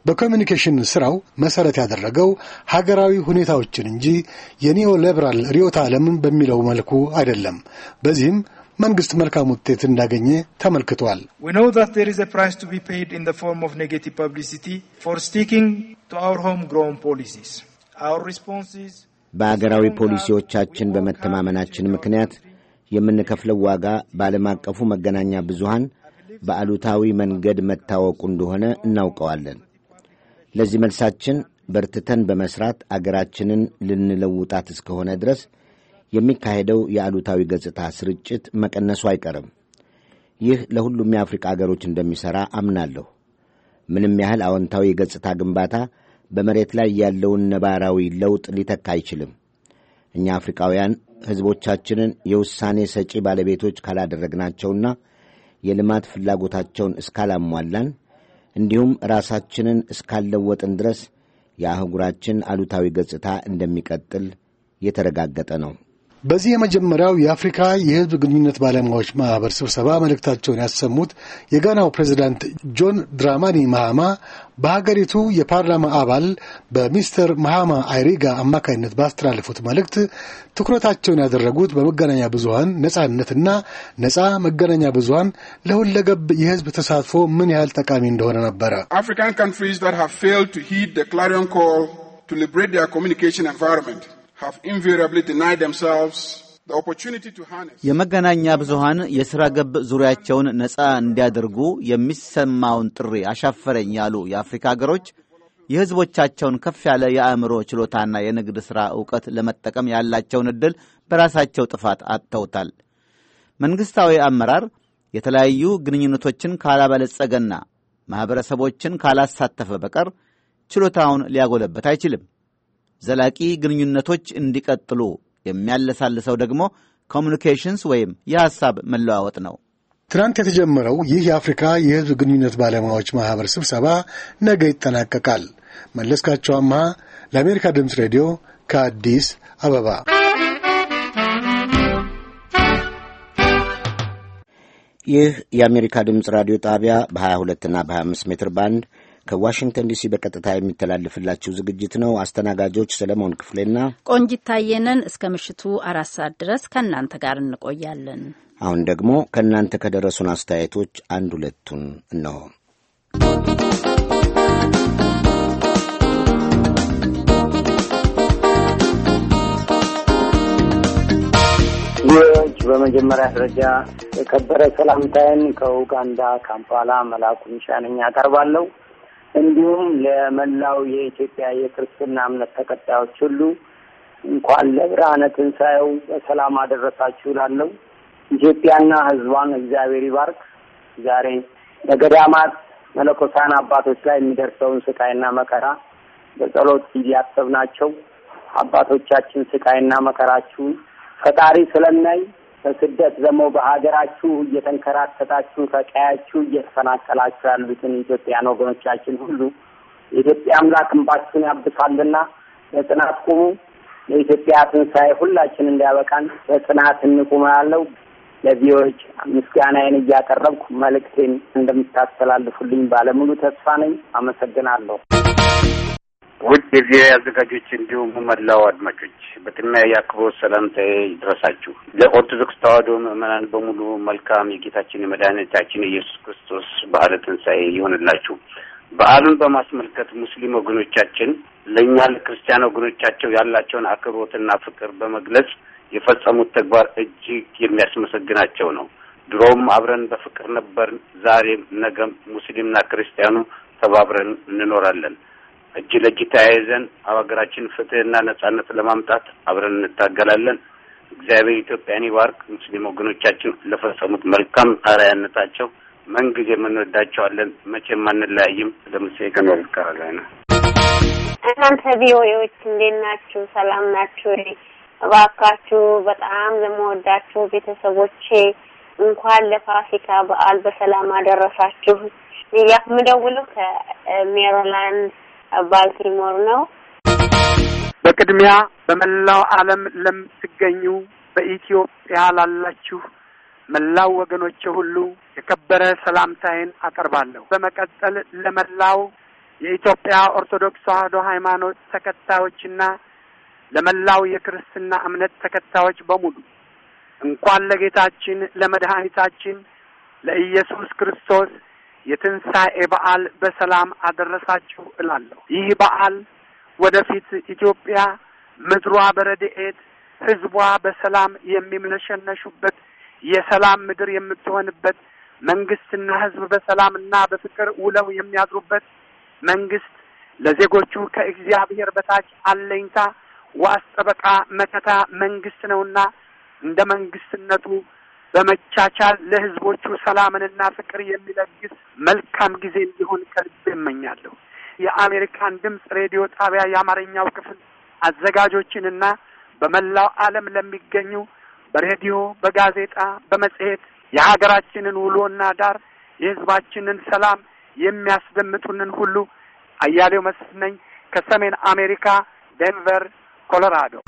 በኮሚኒኬሽን ስራው መሰረት ያደረገው ሀገራዊ ሁኔታዎችን እንጂ የኒዮ ሊበራል ርዕዮተ ዓለምን በሚለው መልኩ አይደለም። በዚህም መንግስት መልካም ውጤት እንዳገኘ ተመልክቷል። በአገራዊ ፖሊሲዎቻችን በመተማመናችን ምክንያት የምንከፍለው ዋጋ በዓለም አቀፉ መገናኛ ብዙሃን በአሉታዊ መንገድ መታወቁ እንደሆነ እናውቀዋለን። ለዚህ መልሳችን በርትተን በመስራት አገራችንን ልንለውጣት እስከሆነ ድረስ የሚካሄደው የአሉታዊ ገጽታ ስርጭት መቀነሱ አይቀርም። ይህ ለሁሉም የአፍሪቃ አገሮች እንደሚሠራ አምናለሁ። ምንም ያህል አዎንታዊ የገጽታ ግንባታ በመሬት ላይ ያለውን ነባራዊ ለውጥ ሊተካ አይችልም። እኛ አፍሪካውያን ሕዝቦቻችንን የውሳኔ ሰጪ ባለቤቶች ካላደረግናቸውና የልማት ፍላጎታቸውን እስካላሟላን እንዲሁም ራሳችንን እስካልለወጥን ድረስ የአህጉራችን አሉታዊ ገጽታ እንደሚቀጥል የተረጋገጠ ነው። በዚህ የመጀመሪያው የአፍሪካ የህዝብ ግንኙነት ባለሙያዎች ማህበር ስብሰባ መልእክታቸውን ያሰሙት የጋናው ፕሬዚዳንት ጆን ድራማኒ ማሃማ በሀገሪቱ የፓርላማ አባል በሚስተር ማሃማ አይሪጋ አማካኝነት ባስተላለፉት መልእክት ትኩረታቸውን ያደረጉት በመገናኛ ብዙሀን ነጻነትና ነጻ መገናኛ ብዙሀን ለሁለገብ የህዝብ ተሳትፎ ምን ያህል ጠቃሚ እንደሆነ ነበረ። አፍሪካን ካንትሪስ ዛት ሃቭ ፌይልድ ቱ ሂድ ክላሪዮን ኮል ቱ ሊብሬት ኮሚኒኬሽን ኤንቫይሮንመንት የመገናኛ ብዙሃን የሥራ ገብ ዙሪያቸውን ነፃ እንዲያደርጉ የሚሰማውን ጥሪ አሻፈረኝ ያሉ የአፍሪካ አገሮች የሕዝቦቻቸውን ከፍ ያለ የአእምሮ ችሎታና የንግድ ሥራ ዕውቀት ለመጠቀም ያላቸውን ዕድል በራሳቸው ጥፋት አጥተውታል። መንግሥታዊ አመራር የተለያዩ ግንኙነቶችን ካላበለጸገና ማኅበረሰቦችን ካላሳተፈ በቀር ችሎታውን ሊያጎለበት አይችልም። ዘላቂ ግንኙነቶች እንዲቀጥሉ የሚያለሳልሰው ደግሞ ኮሚኒኬሽንስ ወይም የሐሳብ መለዋወጥ ነው። ትናንት የተጀመረው ይህ የአፍሪካ የሕዝብ ግንኙነት ባለሙያዎች ማኅበር ስብሰባ ነገ ይጠናቀቃል። መለስካቸው አምሃ ለአሜሪካ ድምፅ ሬዲዮ ከአዲስ አበባ። ይህ የአሜሪካ ድምፅ ራዲዮ ጣቢያ በ22 እና በ25 ሜትር ባንድ ከዋሽንግተን ዲሲ በቀጥታ የሚተላልፍላችሁ ዝግጅት ነው። አስተናጋጆች ሰለሞን ክፍሌና ቆንጂት ታየነን እስከ ምሽቱ አራት ሰዓት ድረስ ከእናንተ ጋር እንቆያለን። አሁን ደግሞ ከእናንተ ከደረሱን አስተያየቶች አንድ ሁለቱን እነሆ። ዎች በመጀመሪያ ደረጃ የከበረ ሰላምታዬን ከኡጋንዳ ካምፓላ መላኩ ሚሻነኛ አቀርባለሁ። እንዲሁም ለመላው የኢትዮጵያ የክርስትና እምነት ተከታዮች ሁሉ እንኳን ለብርሃነ ትንሣኤው በሰላም አደረሳችሁ እላለሁ። ኢትዮጵያና ሕዝቧን እግዚአብሔር ይባርክ። ዛሬ በገዳማት መለኮሳን አባቶች ላይ የሚደርሰውን ስቃይና መከራ በጸሎት እያሰብናቸው አባቶቻችን ስቃይና መከራችሁን ፈጣሪ ስለናይ። በስደት ደግሞ በሀገራችሁ እየተንከራተታችሁ ከቀያችሁ እየተፈናቀላችሁ ያሉትን ኢትዮጵያን ወገኖቻችን ሁሉ የኢትዮጵያ አምላክ እንባችሁን ያብሳልና በጽናት ቁሙ። የኢትዮጵያ ትንሣኤ ሁላችን እንዲያበቃን በጽናት እንቁም ያለው ለቪዎች ምስጋናዬን እያቀረብኩ መልእክቴን እንደምታስተላልፉልኝ ባለሙሉ ተስፋ ነኝ። አመሰግናለሁ። ውድ የቪኦኤ አዘጋጆች እንዲሁም መላው አድማጮች በቅድሚያ የአክብሮት ሰላምታዬ ይድረሳችሁ። ለኦርቶዶክስ ተዋሕዶ ምእመናን በሙሉ መልካም የጌታችን የመድኃኒታችን የኢየሱስ ክርስቶስ በዓለ ትንሣኤ ይሆንላችሁ። በዓሉን በማስመልከት ሙስሊም ወገኖቻችን ለእኛ ለክርስቲያን ወገኖቻቸው ያላቸውን አክብሮትና ፍቅር በመግለጽ የፈጸሙት ተግባር እጅግ የሚያስመሰግናቸው ነው። ድሮም አብረን በፍቅር ነበር፣ ዛሬም ነገም ሙስሊምና ክርስቲያኑ ተባብረን እንኖራለን። እጅ ለእጅ ተያይዘን አገራችን ፍትህና ነጻነት ለማምጣት አብረን እንታገላለን። እግዚአብሔር ኢትዮጵያን ይባርክ። ሙስሊም ወገኖቻችን ለፈጸሙት መልካም አርአያነታቸው ምንጊዜም እንወዳቸዋለን። መቼም አንለያይም። ለምሳሌ ከኖር ካሮላይና እናንተ ቪኦኤዎች እንዴት ናችሁ? ሰላም ናችሁ? እባካችሁ በጣም ለመወዳችሁ ቤተሰቦቼ እንኳን ለፋሲካ በዓል በሰላም አደረሳችሁ። ያፍ ምደውለው ከሜሪላንድ አባል ፍሪሞር ነው። በቅድሚያ በመላው ዓለም ለምትገኙ በኢትዮጵያ ላላችሁ መላው ወገኖቼ ሁሉ የከበረ ሰላምታዬን አቀርባለሁ። በመቀጠል ለመላው የኢትዮጵያ ኦርቶዶክስ ተዋሕዶ ሃይማኖት ተከታዮችና ለመላው የክርስትና እምነት ተከታዮች በሙሉ እንኳን ለጌታችን ለመድኃኒታችን ለኢየሱስ ክርስቶስ የትንሣኤ በዓል በሰላም አደረሳችሁ እላለሁ። ይህ በዓል ወደፊት ኢትዮጵያ ምድሯ በረድኤት ሕዝቧ በሰላም የሚምለሸነሹበት የሰላም ምድር የምትሆንበት መንግስትና ሕዝብ በሰላምና በፍቅር ውለው የሚያድሩበት መንግስት ለዜጎቹ ከእግዚአብሔር በታች አለኝታ፣ ዋስ፣ ጠበቃ፣ መከታ መንግስት ነውና እንደ መንግስትነቱ በመቻቻል ለህዝቦቹ ሰላምንና ፍቅር የሚለግስ መልካም ጊዜ እንዲሆን ከልብ እመኛለሁ። የአሜሪካን ድምፅ ሬዲዮ ጣቢያ የአማርኛው ክፍል አዘጋጆችንና በመላው ዓለም ለሚገኙ በሬዲዮ፣ በጋዜጣ፣ በመጽሔት የሀገራችንን ውሎና ዳር የህዝባችንን ሰላም የሚያስደምጡንን ሁሉ አያሌው መስፍን ነኝ ከሰሜን አሜሪካ ዴንቨር ኮሎራዶ።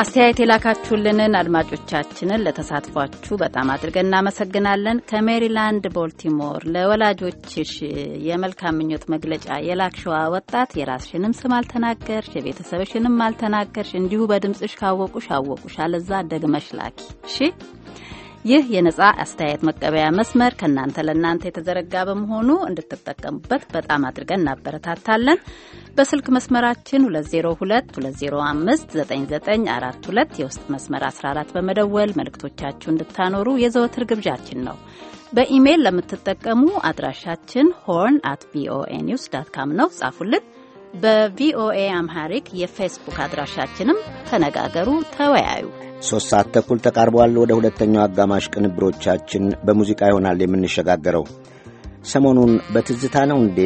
አስተያየት የላካችሁልንን አድማጮቻችንን ለተሳትፏችሁ በጣም አድርገን እናመሰግናለን። ከሜሪላንድ ቦልቲሞር ለወላጆችሽ የመልካም ምኞት መግለጫ የላክሸዋ ወጣት የራስሽንም ስም አልተናገርሽ፣ የቤተሰብሽንም አልተናገርሽ። እንዲሁ በድምፅሽ ካወቁሽ አወቁሽ፣ አለዛ ደግመሽ ላኪ እሺ። ይህ የነጻ አስተያየት መቀበያ መስመር ከእናንተ ለእናንተ የተዘረጋ በመሆኑ እንድትጠቀሙበት በጣም አድርገን እናበረታታለን። በስልክ መስመራችን 2022059942 የውስጥ መስመር 14 በመደወል መልእክቶቻችሁ እንድታኖሩ የዘወትር ግብዣችን ነው። በኢሜይል ለምትጠቀሙ አድራሻችን ሆርን አት ቪኦኤ ኒውስ ዳት ካም ነው። ጻፉልን። በቪኦኤ አምሃሪክ የፌስቡክ አድራሻችንም ተነጋገሩ፣ ተወያዩ። ሶስት ሰዓት ተኩል ተቃርቧል። ወደ ሁለተኛው አጋማሽ ቅንብሮቻችን በሙዚቃ ይሆናል የምንሸጋገረው። ሰሞኑን በትዝታ ነው እንዴ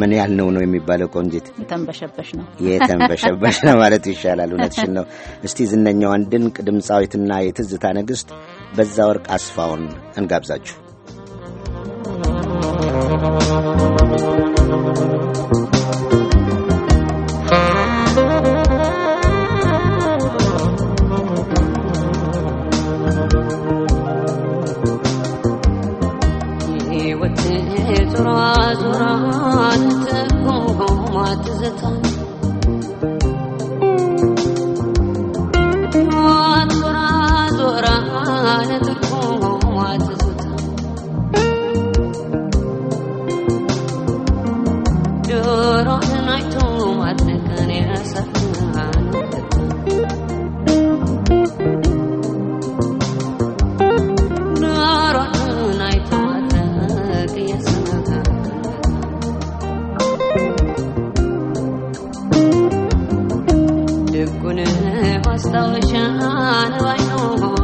ምን ያህል ነው ነው የሚባለው? ቆንጂት የተንበሸበሽ ነው የተንበሸበሽ ነው ማለት ይሻላል። እውነትሽን ነው። እስቲ ዝነኛዋን ድንቅ ድምፃዊትና የትዝታ ንግሥት በዛ ወርቅ አስፋውን እንጋብዛችሁ። ዙራን ተቆማ ትዝታን ዙራ ዙራን ልቡን አስታውሻን ባይኖር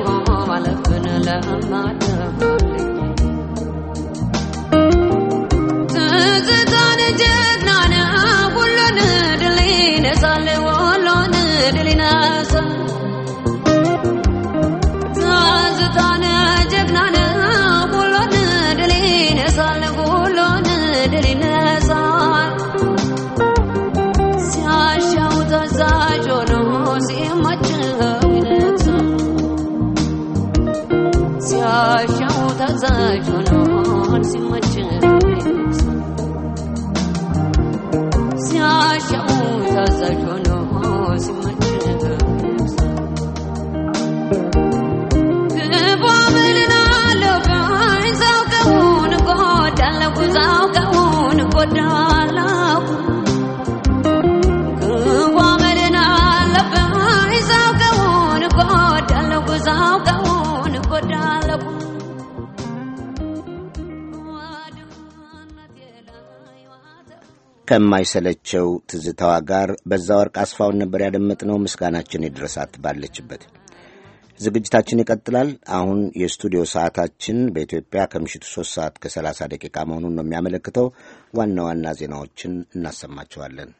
ማለፍን ለማደጎልኝ ጀግናነ ሁሉን ድል ይነሳል ሁሉን ድል ይነሳል ትዝታን ጀግናነ ሲያምር ሲመች ሲያሻው ታዛዥ ሆኖ ሲመች ግባ ምልናለው ጎዳለው ጉዛው ከውን ጎዳ ከማይሰለቸው ትዝታዋ ጋር በዛ ወርቅ አስፋውን ነበር ያደመጥነው። ምስጋናችን ይድረሳት ባለችበት። ዝግጅታችን ይቀጥላል። አሁን የስቱዲዮ ሰዓታችን በኢትዮጵያ ከምሽቱ ሶስት ሰዓት ከሰላሳ ደቂቃ መሆኑን ነው የሚያመለክተው። ዋና ዋና ዜናዎችን እናሰማቸዋለን።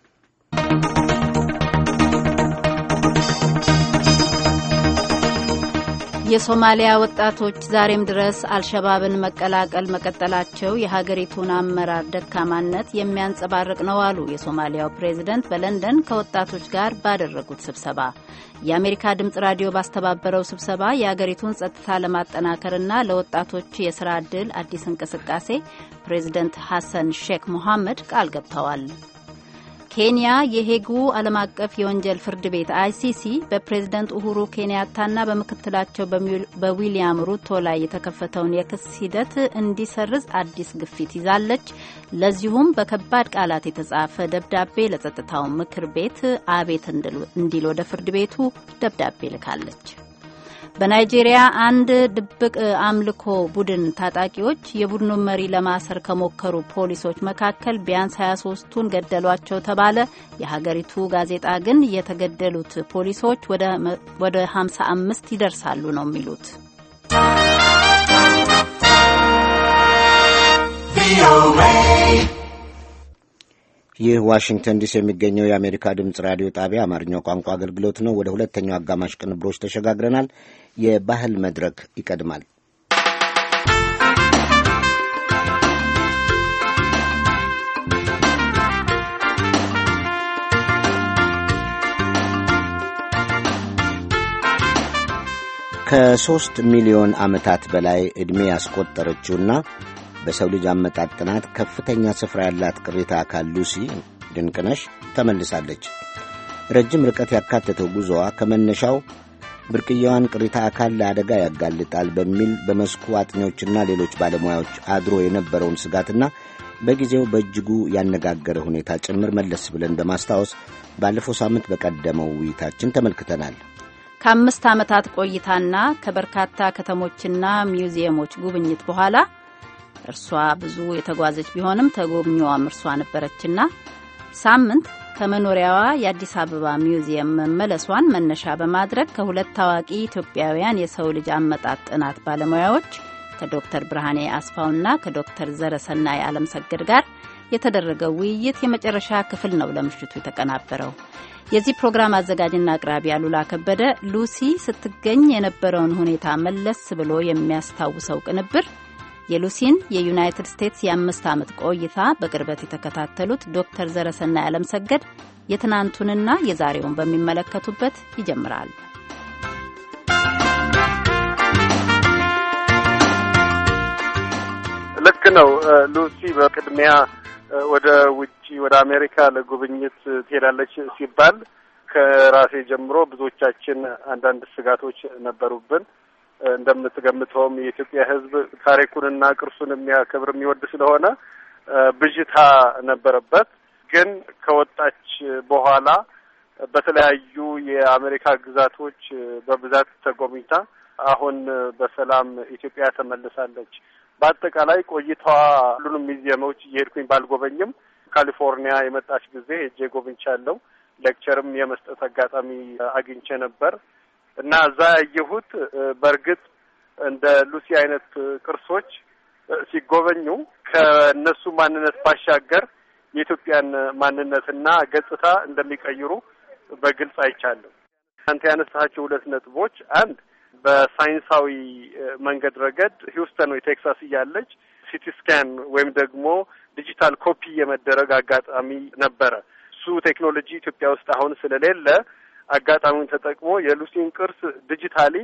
የሶማሊያ ወጣቶች ዛሬም ድረስ አልሸባብን መቀላቀል መቀጠላቸው የሀገሪቱን አመራር ደካማነት የሚያንጸባርቅ ነው አሉ የሶማሊያው ፕሬዝደንት በለንደን ከወጣቶች ጋር ባደረጉት ስብሰባ። የአሜሪካ ድምጽ ራዲዮ ባስተባበረው ስብሰባ የሀገሪቱን ጸጥታ ለማጠናከርና ለወጣቶች የስራ ዕድል አዲስ እንቅስቃሴ ፕሬዝደንት ሐሰን ሼክ ሞሐመድ ቃል ገብተዋል። ኬንያ የሄጉ ዓለም አቀፍ የወንጀል ፍርድ ቤት አይሲሲ በፕሬዝደንት ኡሁሩ ኬንያታና በምክትላቸው በዊሊያም ሩቶ ላይ የተከፈተውን የክስ ሂደት እንዲሰርዝ አዲስ ግፊት ይዛለች። ለዚሁም በከባድ ቃላት የተጻፈ ደብዳቤ ለጸጥታው ምክር ቤት አቤት እንዲል ወደ ፍርድ ቤቱ ደብዳቤ ልካለች። በናይጄሪያ አንድ ድብቅ አምልኮ ቡድን ታጣቂዎች የቡድኑን መሪ ለማሰር ከሞከሩ ፖሊሶች መካከል ቢያንስ 23ቱን ገደሏቸው ተባለ። የሀገሪቱ ጋዜጣ ግን የተገደሉት ፖሊሶች ወደ 55 ይደርሳሉ ነው የሚሉት። ቪኦኤ ይህ ዋሽንግተን ዲሲ የሚገኘው የአሜሪካ ድምፅ ራዲዮ ጣቢያ አማርኛው ቋንቋ አገልግሎት ነው። ወደ ሁለተኛው አጋማሽ ቅንብሮች ተሸጋግረናል። የባህል መድረክ ይቀድማል። ከሦስት ሚሊዮን ዓመታት በላይ ዕድሜ ያስቆጠረችውና በሰው ልጅ አመጣጥ ጥናት ከፍተኛ ስፍራ ያላት ቅሪተ አካል ሉሲ ድንቅነሽ ተመልሳለች። ረጅም ርቀት ያካተተው ጉዞዋ ከመነሻው ብርቅያዋን ቅሪተ አካል ለአደጋ ያጋልጣል በሚል በመስኩ አጥኚዎችና ሌሎች ባለሙያዎች አድሮ የነበረውን ስጋትና በጊዜው በእጅጉ ያነጋገረ ሁኔታ ጭምር መለስ ብለን በማስታወስ ባለፈው ሳምንት በቀደመው ውይይታችን ተመልክተናል። ከአምስት ዓመታት ቆይታና ከበርካታ ከተሞችና ሚውዚየሞች ጉብኝት በኋላ እርሷ ብዙ የተጓዘች ቢሆንም ተጎብኚዋም እርሷ ነበረችና ሳምንት ከመኖሪያዋ የአዲስ አበባ ሚውዚየም መመለሷን መነሻ በማድረግ ከሁለት ታዋቂ ኢትዮጵያውያን የሰው ልጅ አመጣጥ ጥናት ባለሙያዎች ከዶክተር ብርሃኔ አስፋውና ከዶክተር ዘረሰና ዘረሰናይ ሰገድ ጋር የተደረገው ውይይት የመጨረሻ ክፍል ነው ለምሽቱ የተቀናበረው። የዚህ ፕሮግራም አዘጋጅና አቅራቢ አሉላ ከበደ። ሉሲ ስትገኝ የነበረውን ሁኔታ መለስ ብሎ የሚያስታውሰው ቅንብር የሉሲን የዩናይትድ ስቴትስ የአምስት ዓመት ቆይታ በቅርበት የተከታተሉት ዶክተር ዘረሰና ያለምሰገድ የትናንቱንና የዛሬውን በሚመለከቱበት ይጀምራል። ልክ ነው ሉሲ። በቅድሚያ ወደ ውጭ ወደ አሜሪካ ለጉብኝት ትሄዳለች ሲባል ከራሴ ጀምሮ ብዙዎቻችን አንዳንድ ስጋቶች ነበሩብን። እንደምትገምተውም የኢትዮጵያ ሕዝብ ታሪኩንና ቅርሱን የሚያከብር የሚወድ ስለሆነ ብዥታ ነበረበት። ግን ከወጣች በኋላ በተለያዩ የአሜሪካ ግዛቶች በብዛት ተጎብኝታ አሁን በሰላም ኢትዮጵያ ተመልሳለች። በአጠቃላይ ቆይታዋ ሁሉንም ሚዚየሞች እየሄድኩኝ ባልጎበኝም ካሊፎርኒያ የመጣች ጊዜ ሄጄ ጎብኝቻለሁ። ሌክቸርም የመስጠት አጋጣሚ አግኝቼ ነበር። እና እዛ ያየሁት በእርግጥ እንደ ሉሲ አይነት ቅርሶች ሲጎበኙ ከእነሱ ማንነት ባሻገር የኢትዮጵያን ማንነትና ገጽታ እንደሚቀይሩ በግልጽ አይቻለሁ። አንተ ያነሳቸው ሁለት ነጥቦች፣ አንድ በሳይንሳዊ መንገድ ረገድ ሂውስተን ወይ ቴክሳስ እያለች ሲቲ ስካን ወይም ደግሞ ዲጂታል ኮፒ የመደረግ አጋጣሚ ነበረ። እሱ ቴክኖሎጂ ኢትዮጵያ ውስጥ አሁን ስለሌለ አጋጣሚውን ተጠቅሞ የሉሲን ቅርስ ዲጂታሊ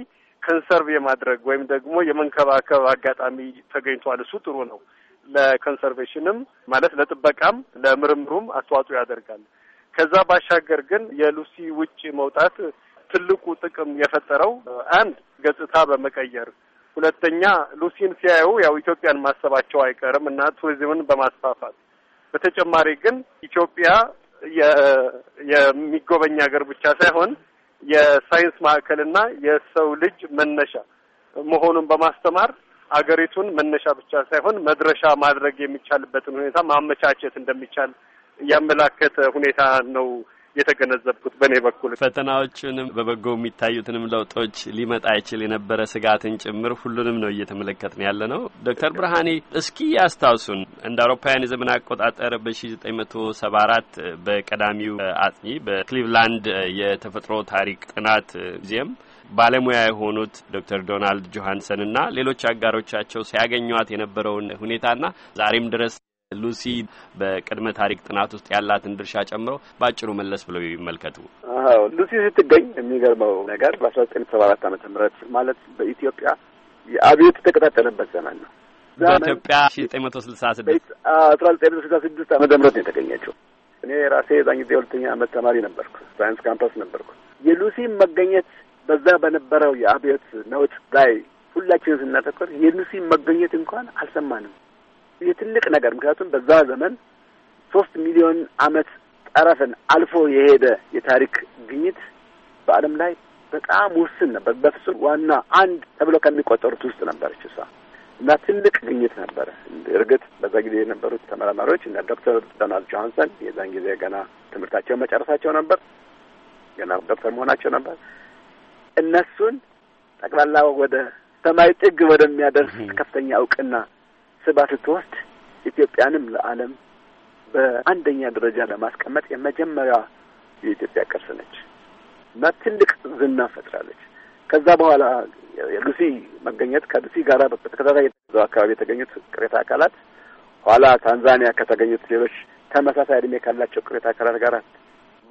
ከንሰርቭ የማድረግ ወይም ደግሞ የመንከባከብ አጋጣሚ ተገኝቷል። እሱ ጥሩ ነው። ለኮንሰርቬሽንም ማለት ለጥበቃም ለምርምሩም አስተዋጽኦ ያደርጋል። ከዛ ባሻገር ግን የሉሲ ውጭ መውጣት ትልቁ ጥቅም የፈጠረው አንድ ገጽታ በመቀየር ሁለተኛ ሉሲን ሲያዩ ያው ኢትዮጵያን ማሰባቸው አይቀርም እና ቱሪዝምን በማስፋፋት በተጨማሪ ግን ኢትዮጵያ የሚጎበኝ ሀገር ብቻ ሳይሆን የሳይንስ ማዕከልና የሰው ልጅ መነሻ መሆኑን በማስተማር አገሪቱን መነሻ ብቻ ሳይሆን መድረሻ ማድረግ የሚቻልበትን ሁኔታ ማመቻቸት እንደሚቻል ያመላከተ ሁኔታ ነው የተገነዘብኩት በእኔ በኩል ፈተናዎቹንም በበጎ የሚታዩትንም ለውጦች ሊመጣ አይችል የነበረ ስጋትን ጭምር ሁሉንም ነው እየተመለከትን ያለ ነው። ዶክተር ብርሃኔ እስኪ ያስታውሱን እንደ አውሮፓውያን የዘመን አቆጣጠር በ1974 በቀዳሚው አጥኚ በክሊቭላንድ የተፈጥሮ ታሪክ ጥናት ሙዚየም ባለሙያ የሆኑት ዶክተር ዶናልድ ጆሃንሰን እና ሌሎች አጋሮቻቸው ሲያገኟት የነበረውን ሁኔታና ዛሬም ድረስ ሉሲ በቅድመ ታሪክ ጥናት ውስጥ ያላትን ድርሻ ጨምሮ በአጭሩ መለስ ብለው ይመልከቱ። አዎ ሉሲ ስትገኝ የሚገርመው ነገር በአስራ ዘጠኝ ሰባ አራት ዓመተ ምህረት ማለት በኢትዮጵያ የአብዮት የተቀጣጠለበት ዘመን ነው። በኢትዮጵያ ሺ ዘጠኝ መቶ ስልሳ ስድስት አስራ ዘጠኝ መቶ ስልሳ ስድስት ዓመተ ምህረት ነው የተገኘችው። እኔ ራሴ የዛን ጊዜ ሁለተኛ ዓመት ተማሪ ነበርኩ፣ ሳይንስ ካምፓስ ነበርኩ። የሉሲ መገኘት በዛ በነበረው የአብዮት ነውጥ ላይ ሁላችን ስናተኮር የሉሲ መገኘት እንኳን አልሰማንም። የትልቅ ነገር ምክንያቱም በዛ ዘመን ሶስት ሚሊዮን አመት ጠረፍን አልፎ የሄደ የታሪክ ግኝት በዓለም ላይ በጣም ውስን ነበር። በፍጹም ዋና አንድ ተብሎ ከሚቆጠሩት ውስጥ ነበረች እሷ እና ትልቅ ግኝት ነበረ። እርግጥ በዛ ጊዜ የነበሩት ተመራማሪዎች እነ ዶክተር ዶናልድ ጆሃንሰን የዛን ጊዜ ገና ትምህርታቸውን መጨረሳቸው ነበር፣ ገና ዶክተር መሆናቸው ነበር። እነሱን ጠቅላላ ወደ ሰማይ ጥግ ወደሚያደርስ ከፍተኛ እውቅና አስባ ስትወስድ ኢትዮጵያንም ለዓለም በአንደኛ ደረጃ ለማስቀመጥ የመጀመሪያ የኢትዮጵያ ቅርስ ነች እና ትልቅ ዝና ፈጥራለች። ከዛ በኋላ የሉሲ መገኘት ከሉሲ ጋር በተከታታይ የተዘው አካባቢ የተገኙት ቅሬታ አካላት ኋላ ታንዛኒያ ከተገኙት ሌሎች ተመሳሳይ እድሜ ካላቸው ቅሬታ አካላት ጋር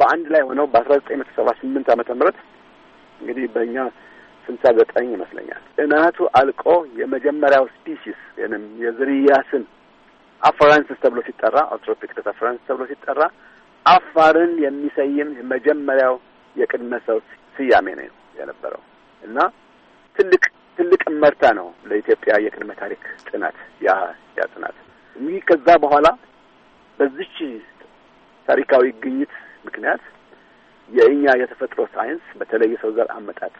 በአንድ ላይ ሆነው በአስራ ዘጠኝ መቶ ሰባ ስምንት ዓመተ ምህረት እንግዲህ በእኛ ስልሳ ዘጠኝ ይመስለኛል እናቱ አልቆ የመጀመሪያው ስፒሲስ ወይም የዝርያ ስም አፍራንስስ ተብሎ ሲጠራ አውስትሮፒቴከስ አፋራንስስ ተብሎ ሲጠራ አፋርን የሚሰይም የመጀመሪያው የቅድመ ሰው ስያሜ ነው የነበረው እና ትልቅ ትልቅ መርታ ነው ለኢትዮጵያ የቅድመ ታሪክ ጥናት ያ ያ ጥናት እንግዲህ ከዛ በኋላ በዚች ታሪካዊ ግኝት ምክንያት የእኛ የተፈጥሮ ሳይንስ በተለይ የሰው ዘር አመጣጥ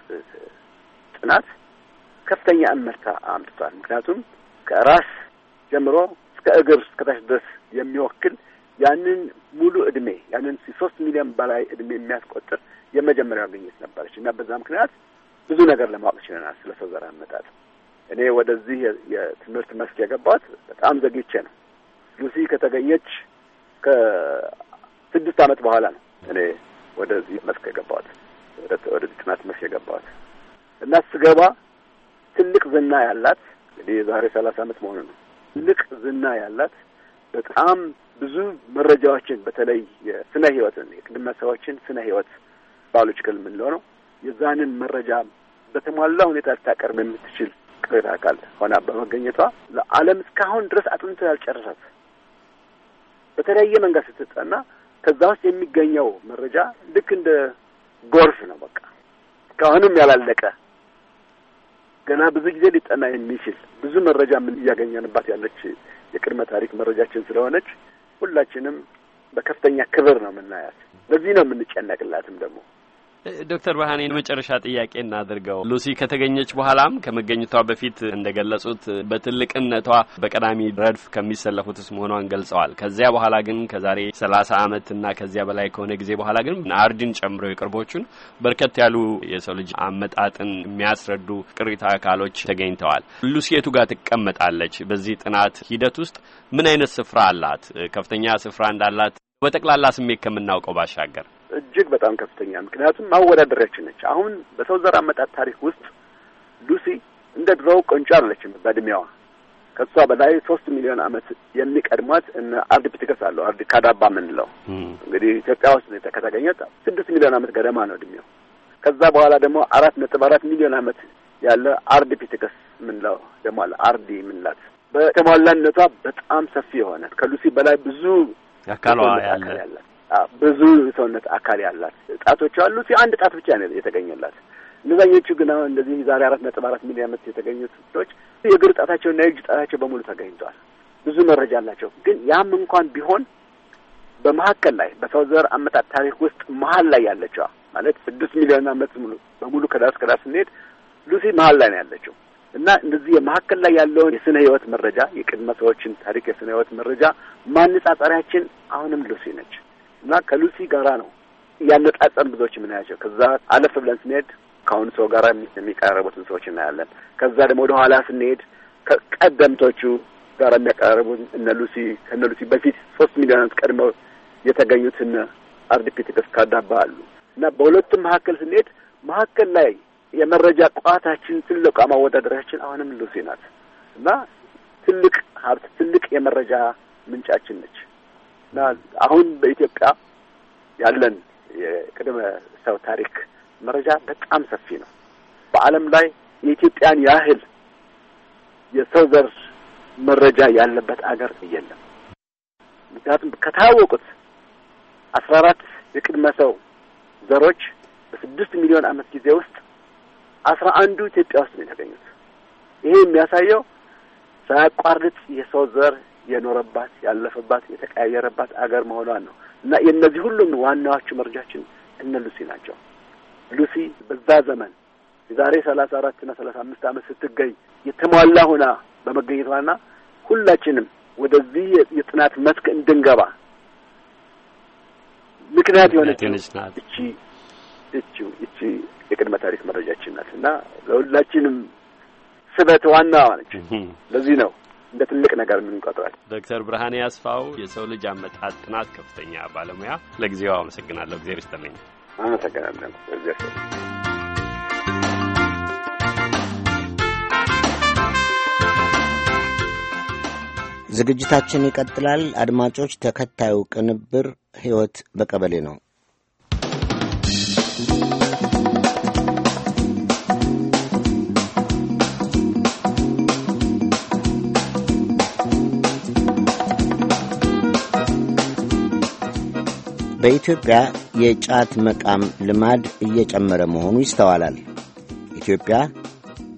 ጥናት ከፍተኛ እመርታ አምጥቷል። ምክንያቱም ከራስ ጀምሮ እስከ እግር እስከታች ድረስ የሚወክል ያንን ሙሉ እድሜ ያንን ሶስት ሚሊዮን በላይ እድሜ የሚያስቆጥር የመጀመሪያው ግኝት ነበረች እና በዛ ምክንያት ብዙ ነገር ለማወቅ ችለናል ስለ ሰው ዘር አመጣጥ። እኔ ወደዚህ የትምህርት መስክ የገባት በጣም ዘግቼ ነው። ሉሲ ከተገኘች ከስድስት ዓመት በኋላ ነው እኔ ወደዚህ መስክ የገባት ወደ ጥናት መስክ የገባት። እና ስገባ ትልቅ ዝና ያላት እንግዲህ የዛሬ ሰላሳ ዓመት መሆኑ ነው። ትልቅ ዝና ያላት በጣም ብዙ መረጃዎችን በተለይ የስነ ህይወትን የቅድመ ሰዎችን ስነ ህይወት ባዮሎጂካል የምንለው ነው የዛንን መረጃ በተሟላ ሁኔታ ልታቀርብ የምትችል ቅሬታ አካል ሆና በመገኘቷ ለዓለም እስካሁን ድረስ አጥንቶ ያልጨረሳት በተለያየ መንገድ ስትጠና ከዛ ውስጥ የሚገኘው መረጃ ልክ እንደ ጎርፍ ነው። በቃ እስካሁንም ያላለቀ ገና ብዙ ጊዜ ሊጠና የሚችል ብዙ መረጃ ምን እያገኘንባት ያለች የቅድመ ታሪክ መረጃችን ስለሆነች ሁላችንም በከፍተኛ ክብር ነው የምናያት። ለዚህ ነው የምንጨነቅላትም ደግሞ ዶክተር ብርሃኔ የመጨረሻ ጥያቄ እናድርገው። ሉሲ ከተገኘች በኋላም ከመገኘቷ በፊት እንደገለጹት በትልቅነቷ በቀዳሚ ረድፍ ከሚሰለፉትስ መሆኗን ገልጸዋል። ከዚያ በኋላ ግን ከዛሬ ሰላሳ አመት እና ከዚያ በላይ ከሆነ ጊዜ በኋላ ግን አርዲን ጨምሮ የቅርቦቹን በርከት ያሉ የሰው ልጅ አመጣጥን የሚያስረዱ ቅሪታ አካሎች ተገኝተዋል። ሉሲ የቱ ጋር ትቀመጣለች? በዚህ ጥናት ሂደት ውስጥ ምን አይነት ስፍራ አላት? ከፍተኛ ስፍራ እንዳላት በጠቅላላ ስሜት ከምናውቀው ባሻገር እጅግ በጣም ከፍተኛ ምክንያቱም ማወዳደሪያችን ነች። አሁን በሰው ዘር አመጣት ታሪክ ውስጥ ሉሲ እንደ ድሮው ቆንጆ አለችም በእድሜዋ ከእሷ በላይ ሶስት ሚሊዮን አመት የሚቀድሟት እነ አርዲፒቲከስ አለው አርድ ካዳባ የምንለው እንግዲህ ኢትዮጵያ ውስጥ ከተገኘ ስድስት ሚሊዮን አመት ገደማ ነው እድሜው። ከዛ በኋላ ደግሞ አራት ነጥብ አራት ሚሊዮን አመት ያለ አርድ ፒትከስ የምንለው ደግሞ አለ። አርዲ የምንላት በተሟላነቷ በጣም ሰፊ የሆነ ከሉሲ በላይ ብዙ አካሏ ያለ ብዙ ሰውነት አካል ያላት ጣቶች ያሉት አንድ ጣት ብቻ ነው የተገኘላት። እነዛኞቹ ግን አሁን እንደዚህ ዛሬ አራት ነጥብ አራት ሚሊዮን ዓመት የተገኙት ሰዎች የእግር ጣታቸውና የእጅ ጣታቸው በሙሉ ተገኝተዋል። ብዙ መረጃ አላቸው። ግን ያም እንኳን ቢሆን በመሀከል ላይ በሰው ዘር አመጣት ታሪክ ውስጥ መሀል ላይ ያለችዋ ማለት ስድስት ሚሊዮን ዓመት ሙሉ በሙሉ ከዳርስ ከዳስ ስንሄድ ሉሲ መሀል ላይ ነው ያለችው። እና እንደዚህ የመካከል ላይ ያለውን የስነ ህይወት መረጃ የቅድመ ሰዎችን ታሪክ የስነ ህይወት መረጃ ማነጻጸሪያችን አሁንም ሉሲ ነች እና ከሉሲ ጋራ ነው ያነጻጸን ብዙዎች የምናያቸው። ከዛ አለፍ ብለን ስንሄድ ከአሁኑ ሰው ጋር የሚቀራረቡትን ሰዎች እናያለን። ከዛ ደግሞ ወደኋላ ስንሄድ ከቀደምቶቹ ጋር የሚያቀራረቡት እነ ሉሲ ከእነ ሉሲ በፊት ሶስት ሚሊዮን ዓመት ቀድመው የተገኙትን አርድፒቴከስ ካዳባ አሉ እና በሁለቱም መካከል ስንሄድ መካከል ላይ የመረጃ ቋታችን ትልቋ ማወዳደሪያችን አሁንም ሉሲ ናት እና ትልቅ ሀብት ትልቅ የመረጃ ምንጫችን ነች እና አሁን በኢትዮጵያ ያለን የቅድመ ሰው ታሪክ መረጃ በጣም ሰፊ ነው። በዓለም ላይ የኢትዮጵያን ያህል የሰው ዘር መረጃ ያለበት አገር የለም። ምክንያቱም ከታወቁት አስራ አራት የቅድመ ሰው ዘሮች በስድስት ሚሊዮን ዓመት ጊዜ ውስጥ አስራ አንዱ ኢትዮጵያ ውስጥ ነው የተገኙት። ይሄ የሚያሳየው ሳያቋርጥ የሰው ዘር የኖረባት ያለፈባት የተቀያየረባት አገር መሆኗን ነው እና የእነዚህ ሁሉም ዋናዎቹ መርጃችን እነ ሉሲ ናቸው። ሉሲ በዛ ዘመን የዛሬ ሰላሳ አራት እና ሰላሳ አምስት ዓመት ስትገኝ የተሟላ ሆና በመገኘቷና ሁላችንም ወደዚህ የጥናት መስክ እንድንገባ ምክንያት የሆነች እቺ እቺ እቺ የቅድመ ታሪክ መረጃችን ናት እና ለሁላችንም ስበት ዋና ነች። ለዚህ ነው እንደ ትልቅ ነገር የምንቆጥራል። ዶክተር ብርሃኔ አስፋው የሰው ልጅ አመጣጥ ጥናት ከፍተኛ ባለሙያ፣ ለጊዜው አመሰግናለሁ። እግዜር ይስጥልኝ። አመሰግናለሁ። እግዜር ዝግጅታችን ይቀጥላል። አድማጮች፣ ተከታዩ ቅንብር ሕይወት በቀበሌ ነው። በኢትዮጵያ የጫት መቃም ልማድ እየጨመረ መሆኑ ይስተዋላል። ኢትዮጵያ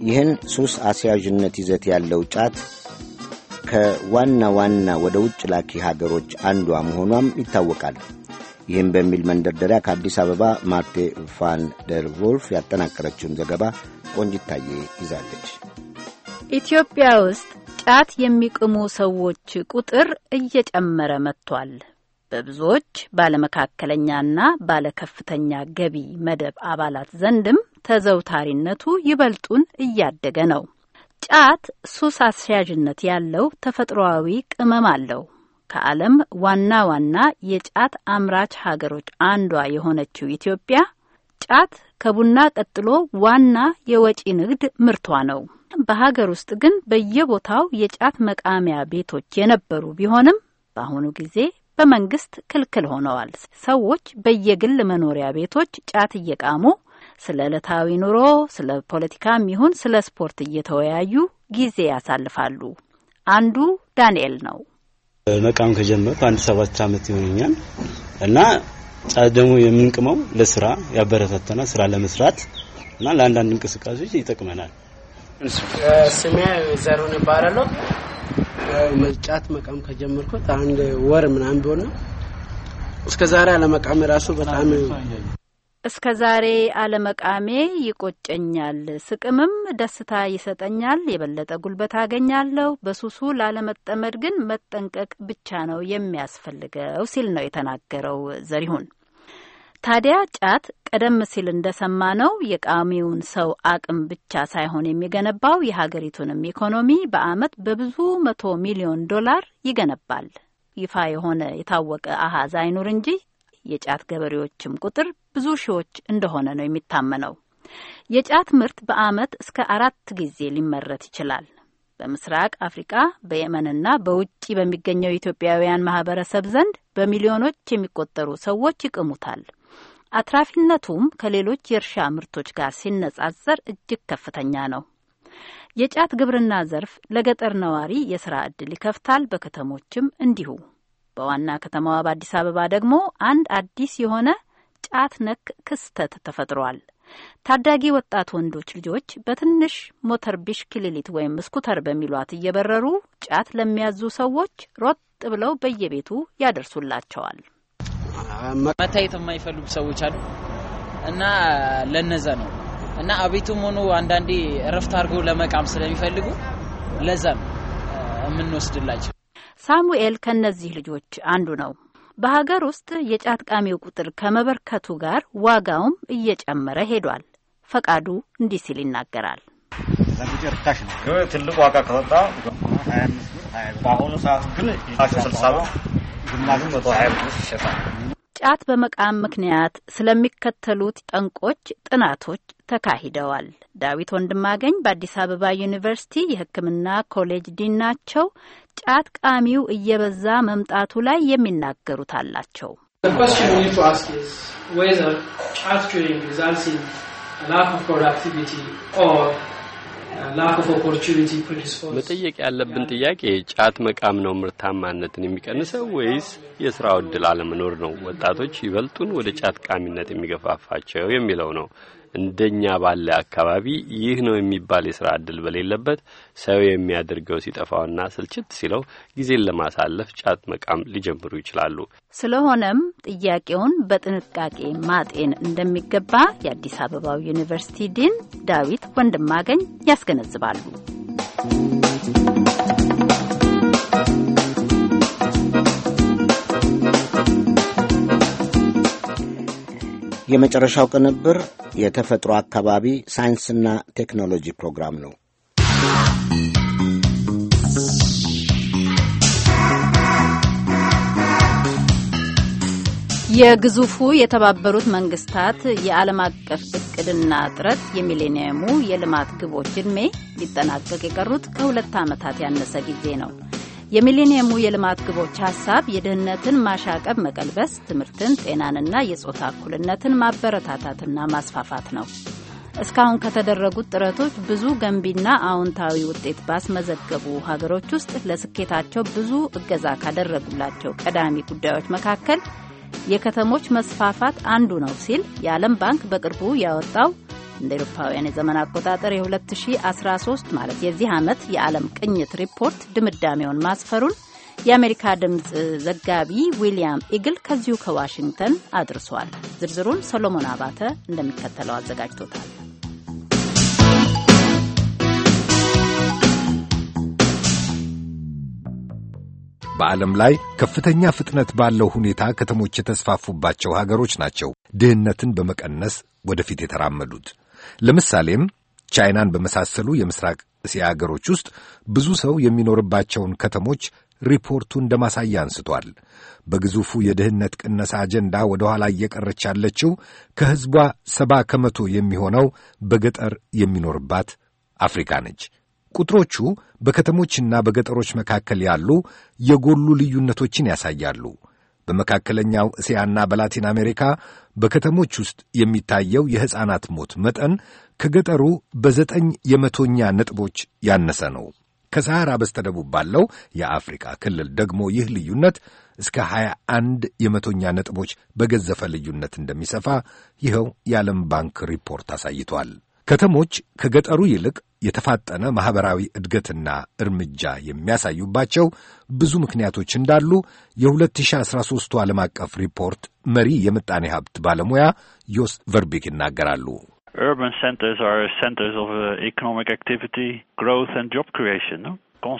ይህን ሱስ አስያዥነት ይዘት ያለው ጫት ከዋና ዋና ወደ ውጭ ላኪ ሀገሮች አንዷ መሆኗም ይታወቃል። ይህም በሚል መንደርደሪያ ከአዲስ አበባ ማርቴ ቫን ደር ቮልፍ ያጠናቀረችውን ዘገባ ቆንጅታዬ ይዛለች። ኢትዮጵያ ውስጥ ጫት የሚቅሙ ሰዎች ቁጥር እየጨመረ መጥቷል። በብዙዎች ባለመካከለኛና ባለከፍተኛ ገቢ መደብ አባላት ዘንድም ተዘውታሪነቱ ይበልጡን እያደገ ነው። ጫት ሱስ አስያዥነት ያለው ተፈጥሮአዊ ቅመም አለው። ከዓለም ዋና ዋና የጫት አምራች ሀገሮች አንዷ የሆነችው ኢትዮጵያ ጫት ከቡና ቀጥሎ ዋና የወጪ ንግድ ምርቷ ነው። በሀገር ውስጥ ግን በየቦታው የጫት መቃሚያ ቤቶች የነበሩ ቢሆንም በአሁኑ ጊዜ በመንግስት ክልክል ሆነዋል። ሰዎች በየግል መኖሪያ ቤቶች ጫት እየቃሙ ስለ ዕለታዊ ኑሮ፣ ስለ ፖለቲካም ይሁን ስለ ስፖርት እየተወያዩ ጊዜ ያሳልፋሉ። አንዱ ዳንኤል ነው። መቃም ከጀመርኩ አንድ ሰባት ዓመት ይሆነኛል እና ጫት ደግሞ የምንቅመው ለስራ ያበረታተና ስራ ለመስራት እና ለአንዳንድ እንቅስቃሴዎች ይጠቅመናል። ስሜ ዘሩን ይባላለሁ። መጫት መቃም ከጀመርኩት አንድ ወር ምናምን ቢሆን ነው። እስከ ዛሬ አለመቃሜ ራሱ በጣም እስከ ዛሬ አለመቃሜ ይቆጨኛል፣ ስቅምም ደስታ ይሰጠኛል፣ የበለጠ ጉልበት አገኛለሁ። በሱሱ ላለመጠመድ ግን መጠንቀቅ ብቻ ነው የሚያስፈልገው ሲል ነው የተናገረው ዘሪሁን። ታዲያ ጫት ቀደም ሲል ነው። የቃሚውን ሰው አቅም ብቻ ሳይሆን የሚገነባው የሀገሪቱንም ኢኮኖሚ በአመት በብዙ መቶ ሚሊዮን ዶላር ይገነባል። ይፋ የሆነ የታወቀ አሀዝ አይኑር እንጂ የጫት ገበሬዎችም ቁጥር ብዙ ሺዎች እንደሆነ ነው የሚታመነው። የጫት ምርት በአመት እስከ አራት ጊዜ ሊመረት ይችላል። በምስራቅ አፍሪቃ በየመንና በውጭ በሚገኘው የኢትዮጵያውያን ማህበረሰብ ዘንድ በሚሊዮኖች የሚቆጠሩ ሰዎች ይቅሙታል። አትራፊነቱም ከሌሎች የእርሻ ምርቶች ጋር ሲነጻጸር እጅግ ከፍተኛ ነው። የጫት ግብርና ዘርፍ ለገጠር ነዋሪ የስራ ዕድል ይከፍታል፣ በከተሞችም እንዲሁ። በዋና ከተማዋ በአዲስ አበባ ደግሞ አንድ አዲስ የሆነ ጫት ነክ ክስተት ተፈጥሯል። ታዳጊ ወጣት ወንዶች ልጆች በትንሽ ሞተር ቢሽክሊት ወይም ስኩተር በሚሏት እየበረሩ ጫት ለሚያዙ ሰዎች ሮጥ ብለው በየቤቱ ያደርሱላቸዋል። መታየት የማይፈልጉ ሰዎች አሉ እና ለነዛ ነው እና አቤቱም ሆኖ አንዳንዴ እረፍት አድርጎ ለመቃም ስለሚፈልጉ ለዛ ነው የምንወስድላቸው። ሳሙኤል ከነዚህ ልጆች አንዱ ነው። በሀገር ውስጥ የጫት ቃሚው ቁጥር ከመበርከቱ ጋር ዋጋውም እየጨመረ ሄዷል። ፈቃዱ እንዲህ ሲል ይናገራል። ትልቅ ዋጋ ከወጣ በአሁኑ ሰዓት ግን ስልሳ ብር ግማሹ መቶ ሀያ ብር ይሸጣል። ጫት በመቃም ምክንያት ስለሚከተሉት ጠንቆች ጥናቶች ተካሂደዋል። ዳዊት ወንድማገኝ በአዲስ አበባ ዩኒቨርሲቲ የሕክምና ኮሌጅ ዲን ናቸው። ጫት ቃሚው እየበዛ መምጣቱ ላይ የሚናገሩት አላቸው። መጠየቅ ያለብን ጥያቄ ጫት መቃም ነው ምርታማነትን የሚቀንሰው ወይስ የስራው እድል አለመኖር ነው ወጣቶች ይበልጡን ወደ ጫት ቃሚነት የሚገፋፋቸው የሚለው ነው። እንደኛ ባለ አካባቢ ይህ ነው የሚባል የስራ እድል በሌለበት ሰው የሚያደርገው ሲጠፋውና ስልችት ሲለው ጊዜን ለማሳለፍ ጫት መቃም ሊጀምሩ ይችላሉ። ስለሆነም ጥያቄውን በጥንቃቄ ማጤን እንደሚገባ የአዲስ አበባው ዩኒቨርሲቲ ዲን ዳዊት ወንድማገኝ ያስገነዝባሉ። የመጨረሻው ቅንብር የተፈጥሮ አካባቢ ሳይንስና ቴክኖሎጂ ፕሮግራም ነው። የግዙፉ የተባበሩት መንግስታት የዓለም አቀፍ እቅድና ጥረት የሚሌኒየሙ የልማት ግቦች ዕድሜ ሊጠናቀቅ የቀሩት ከሁለት ዓመታት ያነሰ ጊዜ ነው። የሚሌኒየሙ የልማት ግቦች ሀሳብ የድህነትን ማሻቀብ መቀልበስ፣ ትምህርትን፣ ጤናንና የጾታ እኩልነትን ማበረታታትና ማስፋፋት ነው። እስካሁን ከተደረጉት ጥረቶች ብዙ ገንቢና አዎንታዊ ውጤት ባስመዘገቡ ሀገሮች ውስጥ ለስኬታቸው ብዙ እገዛ ካደረጉላቸው ቀዳሚ ጉዳዮች መካከል የከተሞች መስፋፋት አንዱ ነው ሲል የዓለም ባንክ በቅርቡ ያወጣው እንደ ኤሮፓውያን የዘመን አቆጣጠር የ2013 ማለት የዚህ ዓመት የዓለም ቅኝት ሪፖርት ድምዳሜውን ማስፈሩን የአሜሪካ ድምፅ ዘጋቢ ዊልያም ኢግል ከዚሁ ከዋሽንግተን አድርሷል። ዝርዝሩን ሰሎሞን አባተ እንደሚከተለው አዘጋጅቶታል። በዓለም ላይ ከፍተኛ ፍጥነት ባለው ሁኔታ ከተሞች የተስፋፉባቸው ሀገሮች ናቸው ድህነትን በመቀነስ ወደፊት የተራመዱት። ለምሳሌም ቻይናን በመሳሰሉ የምስራቅ እስያ አገሮች ውስጥ ብዙ ሰው የሚኖርባቸውን ከተሞች ሪፖርቱ እንደ ማሳያ አንስቷል። በግዙፉ የድህነት ቅነሳ አጀንዳ ወደ ኋላ እየቀረች ያለችው ከሕዝቧ ሰባ ከመቶ የሚሆነው በገጠር የሚኖርባት አፍሪካ ነች። ቁጥሮቹ በከተሞችና በገጠሮች መካከል ያሉ የጎሉ ልዩነቶችን ያሳያሉ። በመካከለኛው እስያና በላቲን አሜሪካ በከተሞች ውስጥ የሚታየው የሕፃናት ሞት መጠን ከገጠሩ በዘጠኝ የመቶኛ ነጥቦች ያነሰ ነው። ከሰሐራ በስተደቡብ ባለው የአፍሪካ ክልል ደግሞ ይህ ልዩነት እስከ 21 የመቶኛ ነጥቦች በገዘፈ ልዩነት እንደሚሰፋ ይኸው የዓለም ባንክ ሪፖርት አሳይቷል። ከተሞች ከገጠሩ ይልቅ የተፋጠነ ማኅበራዊ እድገትና እርምጃ የሚያሳዩባቸው ብዙ ምክንያቶች እንዳሉ የ2013ቱ ዓለም አቀፍ ሪፖርት መሪ የምጣኔ ሀብት ባለሙያ ዮስ ቨርቢክ ይናገራሉ። urban centers are centers of uh, economic activity, growth Uh,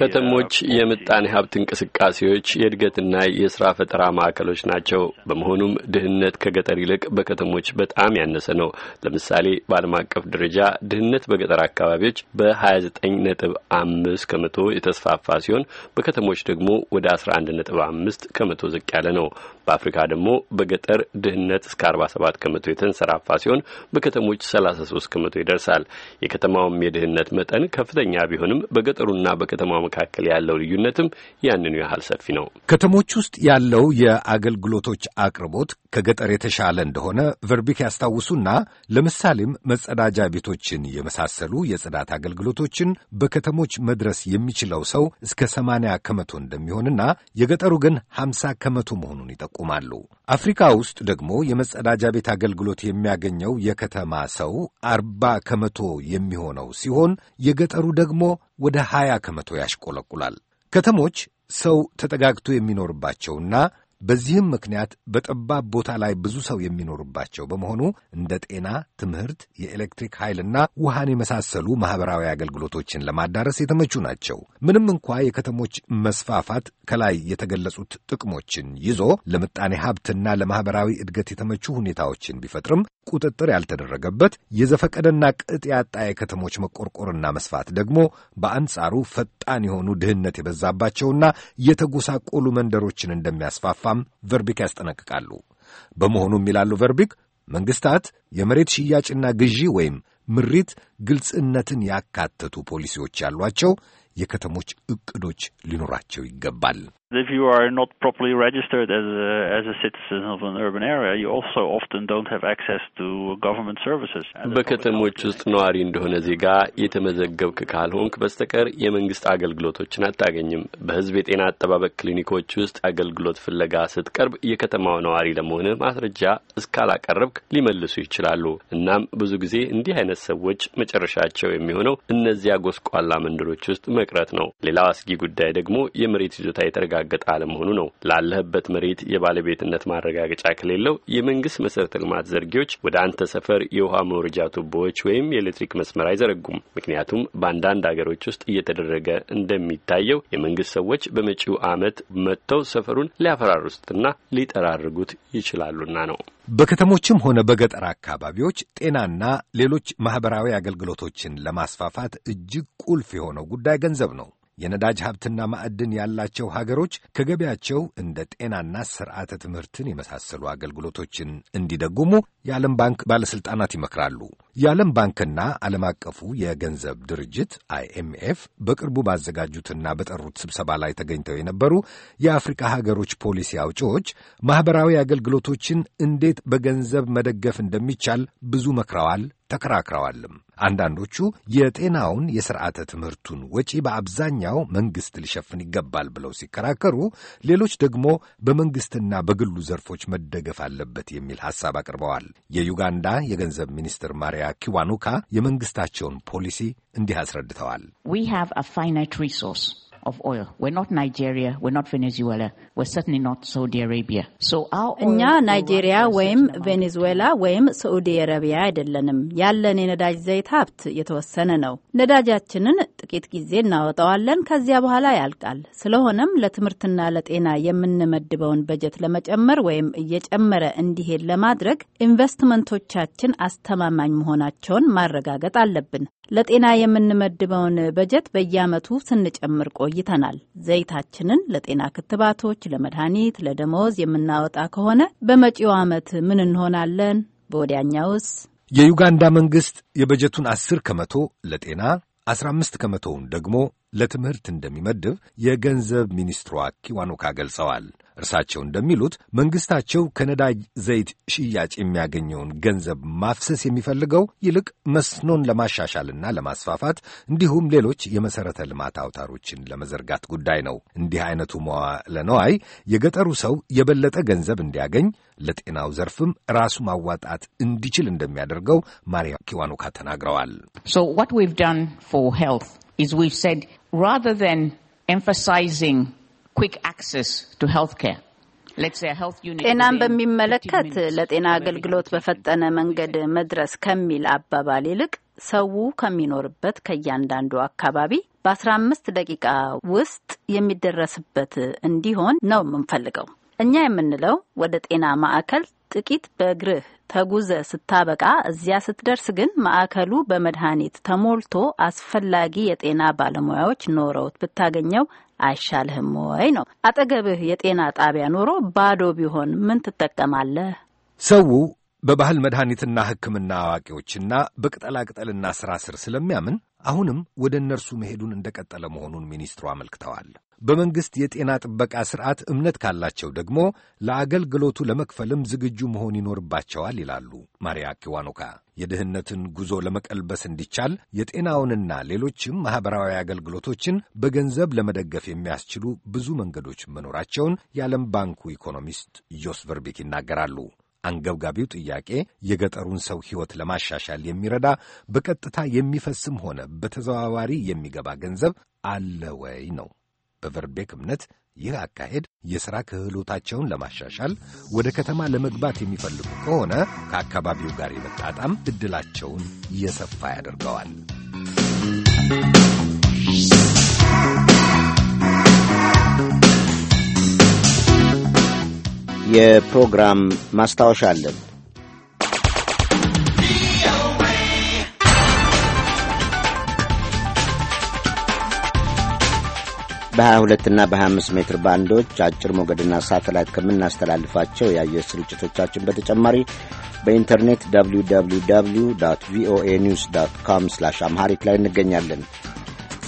ከተሞች የምጣኔ ሀብት እንቅስቃሴዎች የእድገትና የስራ ፈጠራ ማዕከሎች ናቸው። በመሆኑም ድህነት ከገጠር ይልቅ በከተሞች በጣም ያነሰ ነው። ለምሳሌ በዓለም አቀፍ ደረጃ ድህነት በገጠር አካባቢዎች በ29 ነጥብ አምስት ከመቶ የተስፋፋ ሲሆን በከተሞች ደግሞ ወደ 11 ነጥብ 5 ከመቶ ዝቅ ያለ ነው። በአፍሪካ ደግሞ በገጠር ድህነት እስከ 47 ከመቶ የተንሰራፋ ሲሆን በከተሞች 33 ከመቶ ይደርሳል። የከተማውም የድህነት መጠን ከፍተኛ ቢሆንም በገጠሩና በከተማ መካከል ያለው ልዩነትም ያንኑ ያህል ሰፊ ነው። ከተሞች ውስጥ ያለው የአገልግሎቶች አቅርቦት ከገጠር የተሻለ እንደሆነ ቨርቢክ ያስታውሱና ለምሳሌም መጸዳጃ ቤቶችን የመሳሰሉ የጽዳት አገልግሎቶችን በከተሞች መድረስ የሚችለው ሰው እስከ 80 ከመቶ እንደሚሆንና የገጠሩ ግን 50 ከመቶ መሆኑን ይጠቁማሉ። አፍሪካ ውስጥ ደግሞ የመጸዳጃ ቤት አገልግሎት የሚያገኘው የከተማ ሰው አርባ ከመቶ የሚሆነው ሲሆን የገጠሩ ደግሞ ወደ 20 ከመቶ ያሽቆለቁላል። ከተሞች ሰው ተጠጋግቶ የሚኖርባቸውና በዚህም ምክንያት በጠባብ ቦታ ላይ ብዙ ሰው የሚኖርባቸው በመሆኑ እንደ ጤና፣ ትምህርት፣ የኤሌክትሪክ ኃይልና ውሃን የመሳሰሉ ማኅበራዊ አገልግሎቶችን ለማዳረስ የተመቹ ናቸው። ምንም እንኳ የከተሞች መስፋፋት ከላይ የተገለጹት ጥቅሞችን ይዞ ለምጣኔ ሀብትና ለማኅበራዊ እድገት የተመቹ ሁኔታዎችን ቢፈጥርም ቁጥጥር ያልተደረገበት የዘፈቀደና ቅጥ ያጣ የከተሞች መቆርቆርና መስፋት ደግሞ በአንጻሩ ፈጣን የሆኑ ድህነት የበዛባቸውና የተጎሳቆሉ መንደሮችን እንደሚያስፋፋ እንደሚወጣም ቨርቢክ ያስጠነቅቃሉ። በመሆኑም ይላሉ ቨርቢክ መንግሥታት የመሬት ሽያጭና ግዢ ወይም ምሪት ግልጽነትን ያካተቱ ፖሊሲዎች ያሏቸው የከተሞች ዕቅዶች ሊኖራቸው ይገባል። if you are not properly registered as a, as a citizen of an urban area, you also often don't have access to government services. በከተሞች ውስጥ ነዋሪ እንደሆነ ዜጋ የተመዘገብክ ካልሆንክ በስተቀር የመንግስት አገልግሎቶችን አታገኝም። በህዝብ የጤና አጠባበቅ ክሊኒኮች ውስጥ አገልግሎት ፍለጋ ስትቀርብ የከተማው ነዋሪ ለመሆነ ማስረጃ እስካላቀረብክ ሊመልሱ ይችላሉ። እናም ብዙ ጊዜ እንዲህ አይነት ሰዎች መጨረሻቸው የሚሆነው እነዚያ ጎስቋላ መንደሮች ውስጥ መቅረት ነው። ሌላው አስጊ ጉዳይ ደግሞ የመሬት ይዞታ የተረጋ የተረጋገጠ አለመሆኑ ነው። ላለህበት መሬት የባለቤትነት ማረጋገጫ ከሌለው የመንግስት መሰረተ ልማት ዘርጊዎች ወደ አንተ ሰፈር የውሃ መውረጃ ቱቦዎች ወይም የኤሌክትሪክ መስመር አይዘረጉም። ምክንያቱም በአንዳንድ ሀገሮች ውስጥ እየተደረገ እንደሚታየው የመንግስት ሰዎች በመጪው አመት መጥተው ሰፈሩን ሊያፈራርሱትና ሊጠራርጉት ይችላሉና ነው። በከተሞችም ሆነ በገጠር አካባቢዎች ጤናና ሌሎች ማኅበራዊ አገልግሎቶችን ለማስፋፋት እጅግ ቁልፍ የሆነው ጉዳይ ገንዘብ ነው። የነዳጅ ሀብትና ማዕድን ያላቸው ሀገሮች ከገቢያቸው እንደ ጤናና ስርዓተ ትምህርትን የመሳሰሉ አገልግሎቶችን እንዲደጉሙ የዓለም ባንክ ባለሥልጣናት ይመክራሉ። የዓለም ባንክና ዓለም አቀፉ የገንዘብ ድርጅት አይኤምኤፍ በቅርቡ ባዘጋጁትና በጠሩት ስብሰባ ላይ ተገኝተው የነበሩ የአፍሪካ ሀገሮች ፖሊሲ አውጪዎች ማኅበራዊ አገልግሎቶችን እንዴት በገንዘብ መደገፍ እንደሚቻል ብዙ መክረዋል ተከራክረዋልም። አንዳንዶቹ የጤናውን የስርዓተ ትምህርቱን ወጪ በአብዛኛው መንግስት ሊሸፍን ይገባል ብለው ሲከራከሩ፣ ሌሎች ደግሞ በመንግስትና በግሉ ዘርፎች መደገፍ አለበት የሚል ሐሳብ አቅርበዋል። የዩጋንዳ የገንዘብ ሚኒስትር ማሪያ ኪዋኑካ የመንግስታቸውን ፖሊሲ እንዲህ አስረድተዋል። We have a finite resource of oil. We're not Nigeria, we're not Venezuela. እኛ ናይጄሪያ ወይም ቬኔዙዌላ ወይም ሰዑዲ አረቢያ አይደለንም። ያለን የነዳጅ ዘይት ሀብት የተወሰነ ነው። ነዳጃችንን ጥቂት ጊዜ እናወጣዋለን፣ ከዚያ በኋላ ያልቃል። ስለሆነም ለትምህርትና ለጤና የምንመድበውን በጀት ለመጨመር ወይም እየጨመረ እንዲሄድ ለማድረግ ኢንቨስትመንቶቻችን አስተማማኝ መሆናቸውን ማረጋገጥ አለብን። ለጤና የምንመድበውን በጀት በየዓመቱ ስንጨምር ቆይተናል። ዘይታችንን ለጤና ክትባቶች ለመድኃኒት፣ ለደሞዝ የምናወጣ ከሆነ በመጪው ዓመት ምን እንሆናለን? በወዲያኛውስ? የዩጋንዳ መንግሥት የበጀቱን አስር ከመቶ ለጤና 15 ከመቶውን ደግሞ ለትምህርት እንደሚመድብ የገንዘብ ሚኒስትሯ ኪዋኑካ ገልጸዋል። እርሳቸው እንደሚሉት መንግሥታቸው ከነዳጅ ዘይት ሽያጭ የሚያገኘውን ገንዘብ ማፍሰስ የሚፈልገው ይልቅ መስኖን ለማሻሻልና ለማስፋፋት እንዲሁም ሌሎች የመሠረተ ልማት አውታሮችን ለመዘርጋት ጉዳይ ነው። እንዲህ አይነቱ መዋዕለ ነዋይ የገጠሩ ሰው የበለጠ ገንዘብ እንዲያገኝ ለጤናው ዘርፍም ራሱ ማዋጣት እንዲችል እንደሚያደርገው ማሪያ ኪዋኑካ ተናግረዋል። ሶ ጤናን በሚመለከት ለጤና አገልግሎት በፈጠነ መንገድ መድረስ ከሚል አባባል ይልቅ ሰው ከሚኖርበት ከእያንዳንዱ አካባቢ በ15 ደቂቃ ውስጥ የሚደረስበት እንዲሆን ነው የምንፈልገው። እኛ የምንለው ወደ ጤና ማዕከል ጥቂት በእግርህ ተጉዘ ስታበቃ እዚያ ስትደርስ ግን ማዕከሉ በመድኃኒት ተሞልቶ አስፈላጊ የጤና ባለሙያዎች ኖረውት ብታገኘው አይሻልህም ወይ ነው። አጠገብህ የጤና ጣቢያ ኖሮ ባዶ ቢሆን ምን ትጠቀማለህ? ሰው በባህል መድኃኒትና ሕክምና አዋቂዎችና በቅጠላቅጠልና ሥራ ስር ስለሚያምን አሁንም ወደ እነርሱ መሄዱን እንደቀጠለ መሆኑን ሚኒስትሩ አመልክተዋል። በመንግሥት የጤና ጥበቃ ሥርዓት እምነት ካላቸው ደግሞ ለአገልግሎቱ ለመክፈልም ዝግጁ መሆን ይኖርባቸዋል ይላሉ ማሪያ ኪዋኖካ። የድህነትን ጉዞ ለመቀልበስ እንዲቻል የጤናውንና ሌሎችም ማኅበራዊ አገልግሎቶችን በገንዘብ ለመደገፍ የሚያስችሉ ብዙ መንገዶች መኖራቸውን የዓለም ባንኩ ኢኮኖሚስት ዮስ ቨርቢክ ይናገራሉ። አንገብጋቢው ጥያቄ የገጠሩን ሰው ሕይወት ለማሻሻል የሚረዳ በቀጥታ የሚፈስም ሆነ በተዘዋዋሪ የሚገባ ገንዘብ አለ ወይ ነው። በቨርቤክ እምነት ይህ አካሄድ የሥራ ክህሎታቸውን ለማሻሻል ወደ ከተማ ለመግባት የሚፈልጉ ከሆነ ከአካባቢው ጋር የመጣጣም ዕድላቸውን እየሰፋ ያደርገዋል። የፕሮግራም ማስታወሻ አለን። በ22 ና በ25 ሜትር ባንዶች አጭር ሞገድና ሳተላይት ከምናስተላልፋቸው የአየር ስርጭቶቻችን በተጨማሪ በኢንተርኔት www ቪኦኤ ኒውስ ዳት ኮም ስላሽ አምሃሪክ ላይ እንገኛለን።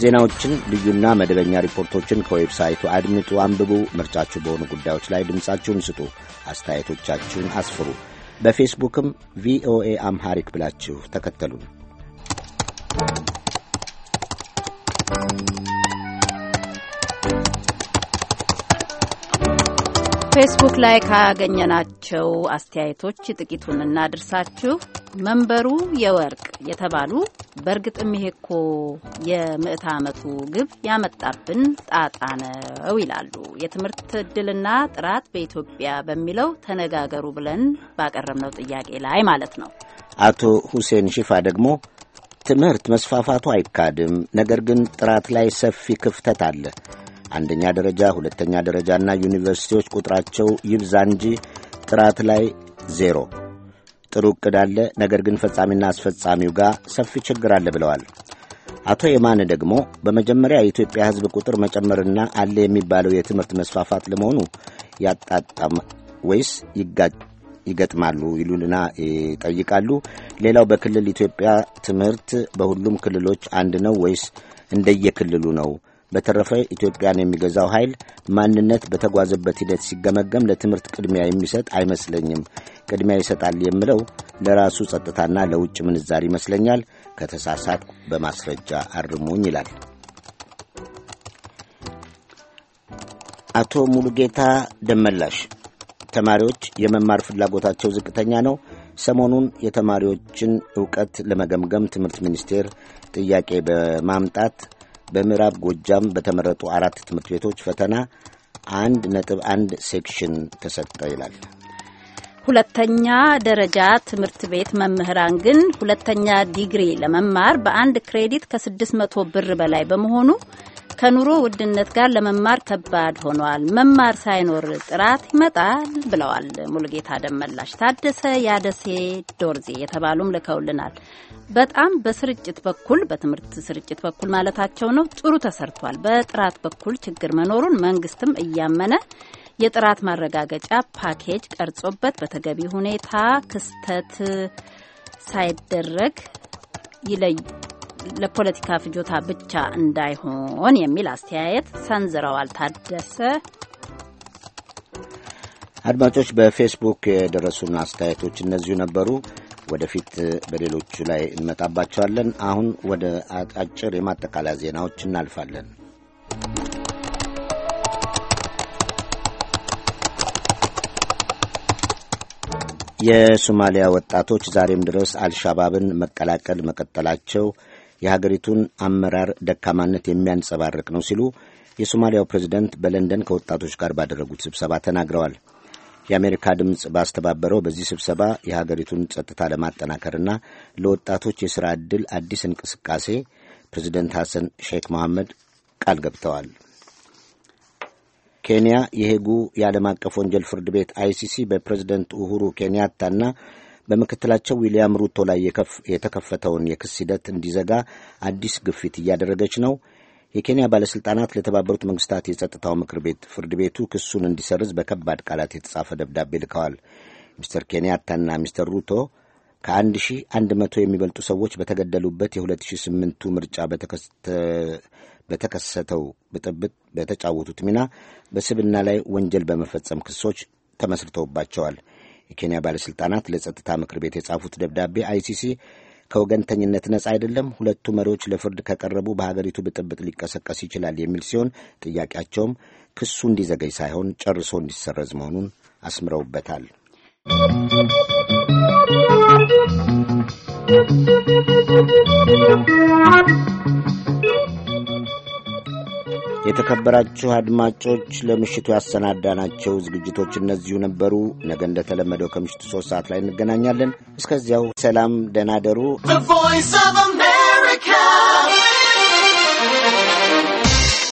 ዜናዎችን፣ ልዩና መደበኛ ሪፖርቶችን ከዌብሳይቱ አድምጡ፣ አንብቡ። ምርጫችሁ በሆኑ ጉዳዮች ላይ ድምፃችሁን ስጡ፣ አስተያየቶቻችሁን አስፍሩ። በፌስቡክም ቪኦኤ አምሃሪክ ብላችሁ ተከተሉን። ፌስቡክ ላይ ካገኘናቸው አስተያየቶች ጥቂቱን እናድርሳችሁ። መንበሩ የወርቅ የተባሉ በእርግጥም ይሄ እኮ የምዕተ ዓመቱ ግብ ያመጣብን ጣጣ ነው ይላሉ። የትምህርት እድልና ጥራት በኢትዮጵያ በሚለው ተነጋገሩ ብለን ባቀረብነው ጥያቄ ላይ ማለት ነው። አቶ ሁሴን ሺፋ ደግሞ ትምህርት መስፋፋቱ አይካድም፣ ነገር ግን ጥራት ላይ ሰፊ ክፍተት አለ አንደኛ ደረጃ፣ ሁለተኛ ደረጃና ዩኒቨርሲቲዎች ቁጥራቸው ይብዛ እንጂ ጥራት ላይ ዜሮ። ጥሩ ዕቅድ አለ፣ ነገር ግን ፈጻሚና አስፈጻሚው ጋር ሰፊ ችግር አለ ብለዋል። አቶ የማነ ደግሞ በመጀመሪያ የኢትዮጵያ ሕዝብ ቁጥር መጨመርና አለ የሚባለው የትምህርት መስፋፋት ለመሆኑ ያጣጣም ወይስ ይገጥማሉ ይሉልና ይጠይቃሉ። ሌላው በክልል ኢትዮጵያ ትምህርት በሁሉም ክልሎች አንድ ነው ወይስ እንደየክልሉ ነው? በተረፈ ኢትዮጵያን የሚገዛው ኃይል ማንነት በተጓዘበት ሂደት ሲገመገም ለትምህርት ቅድሚያ የሚሰጥ አይመስለኝም። ቅድሚያ ይሰጣል የምለው ለራሱ ጸጥታና ለውጭ ምንዛር ይመስለኛል። ከተሳሳት በማስረጃ አርሙኝ ይላል አቶ ሙሉጌታ ደመላሽ። ተማሪዎች የመማር ፍላጎታቸው ዝቅተኛ ነው። ሰሞኑን የተማሪዎችን ዕውቀት ለመገምገም ትምህርት ሚኒስቴር ጥያቄ በማምጣት በምዕራብ ጎጃም በተመረጡ አራት ትምህርት ቤቶች ፈተና አንድ ነጥብ አንድ ሴክሽን ተሰጠ ይላል። ሁለተኛ ደረጃ ትምህርት ቤት መምህራን ግን ሁለተኛ ዲግሪ ለመማር በአንድ ክሬዲት ከ600 ብር በላይ በመሆኑ ከኑሮ ውድነት ጋር ለመማር ከባድ ሆኗል። መማር ሳይኖር ጥራት ይመጣል ብለዋል ሙሉጌታ ደመላሽ ታደሰ ያደሴ ዶርዜ የተባሉም ልከውልናል። በጣም በስርጭት በኩል በትምህርት ስርጭት በኩል ማለታቸው ነው ጥሩ ተሰርቷል። በጥራት በኩል ችግር መኖሩን መንግስትም እያመነ የጥራት ማረጋገጫ ፓኬጅ ቀርጾበት በተገቢ ሁኔታ ክስተት ሳይደረግ ይለይ ለፖለቲካ ፍጆታ ብቻ እንዳይሆን የሚል አስተያየት ሰንዝረዋል። ታደሰ አድማጮች፣ በፌስቡክ የደረሱን አስተያየቶች እነዚሁ ነበሩ። ወደፊት በሌሎቹ ላይ እንመጣባቸዋለን። አሁን ወደ አጫጭር የማጠቃለያ ዜናዎች እናልፋለን። የሶማሊያ ወጣቶች ዛሬም ድረስ አልሻባብን መቀላቀል መቀጠላቸው የሀገሪቱን አመራር ደካማነት የሚያንጸባርቅ ነው ሲሉ የሶማሊያው ፕሬዚደንት በለንደን ከወጣቶች ጋር ባደረጉት ስብሰባ ተናግረዋል። የአሜሪካ ድምፅ ባስተባበረው በዚህ ስብሰባ የሀገሪቱን ጸጥታ ለማጠናከርና ለወጣቶች የሥራ ዕድል አዲስ እንቅስቃሴ ፕሬዚደንት ሐሰን ሼክ መሐመድ ቃል ገብተዋል። ኬንያ የሄጉ የዓለም አቀፍ ወንጀል ፍርድ ቤት አይሲሲ በፕሬዝደንት ኡሁሩ ኬንያታና በምክትላቸው ዊልያም ሩቶ ላይ የተከፈተውን የክስ ሂደት እንዲዘጋ አዲስ ግፊት እያደረገች ነው። የኬንያ ባለሥልጣናት ለተባበሩት መንግስታት የጸጥታው ምክር ቤት ፍርድ ቤቱ ክሱን እንዲሰርዝ በከባድ ቃላት የተጻፈ ደብዳቤ ልከዋል። ሚስተር ኬንያታና ሚስተር ሩቶ ከ1100 የሚበልጡ ሰዎች በተገደሉበት የ2008ቱ ምርጫ በተከሰተው ብጥብጥ በተጫወቱት ሚና በስብና ላይ ወንጀል በመፈጸም ክሶች ተመስርተውባቸዋል። የኬንያ ባለሥልጣናት ለጸጥታ ምክር ቤት የጻፉት ደብዳቤ አይሲሲ ከወገንተኝነት ነጻ አይደለም፣ ሁለቱ መሪዎች ለፍርድ ከቀረቡ በሀገሪቱ ብጥብጥ ሊቀሰቀስ ይችላል የሚል ሲሆን ጥያቄያቸውም ክሱ እንዲዘገይ ሳይሆን ጨርሶ እንዲሰረዝ መሆኑን አስምረውበታል። የተከበራችሁ አድማጮች ለምሽቱ ያሰናዳናቸው ዝግጅቶች እነዚሁ ነበሩ። ነገ እንደተለመደው ከምሽቱ ሶስት ሰዓት ላይ እንገናኛለን። እስከዚያው ሰላም፣ ደህና ደሩ።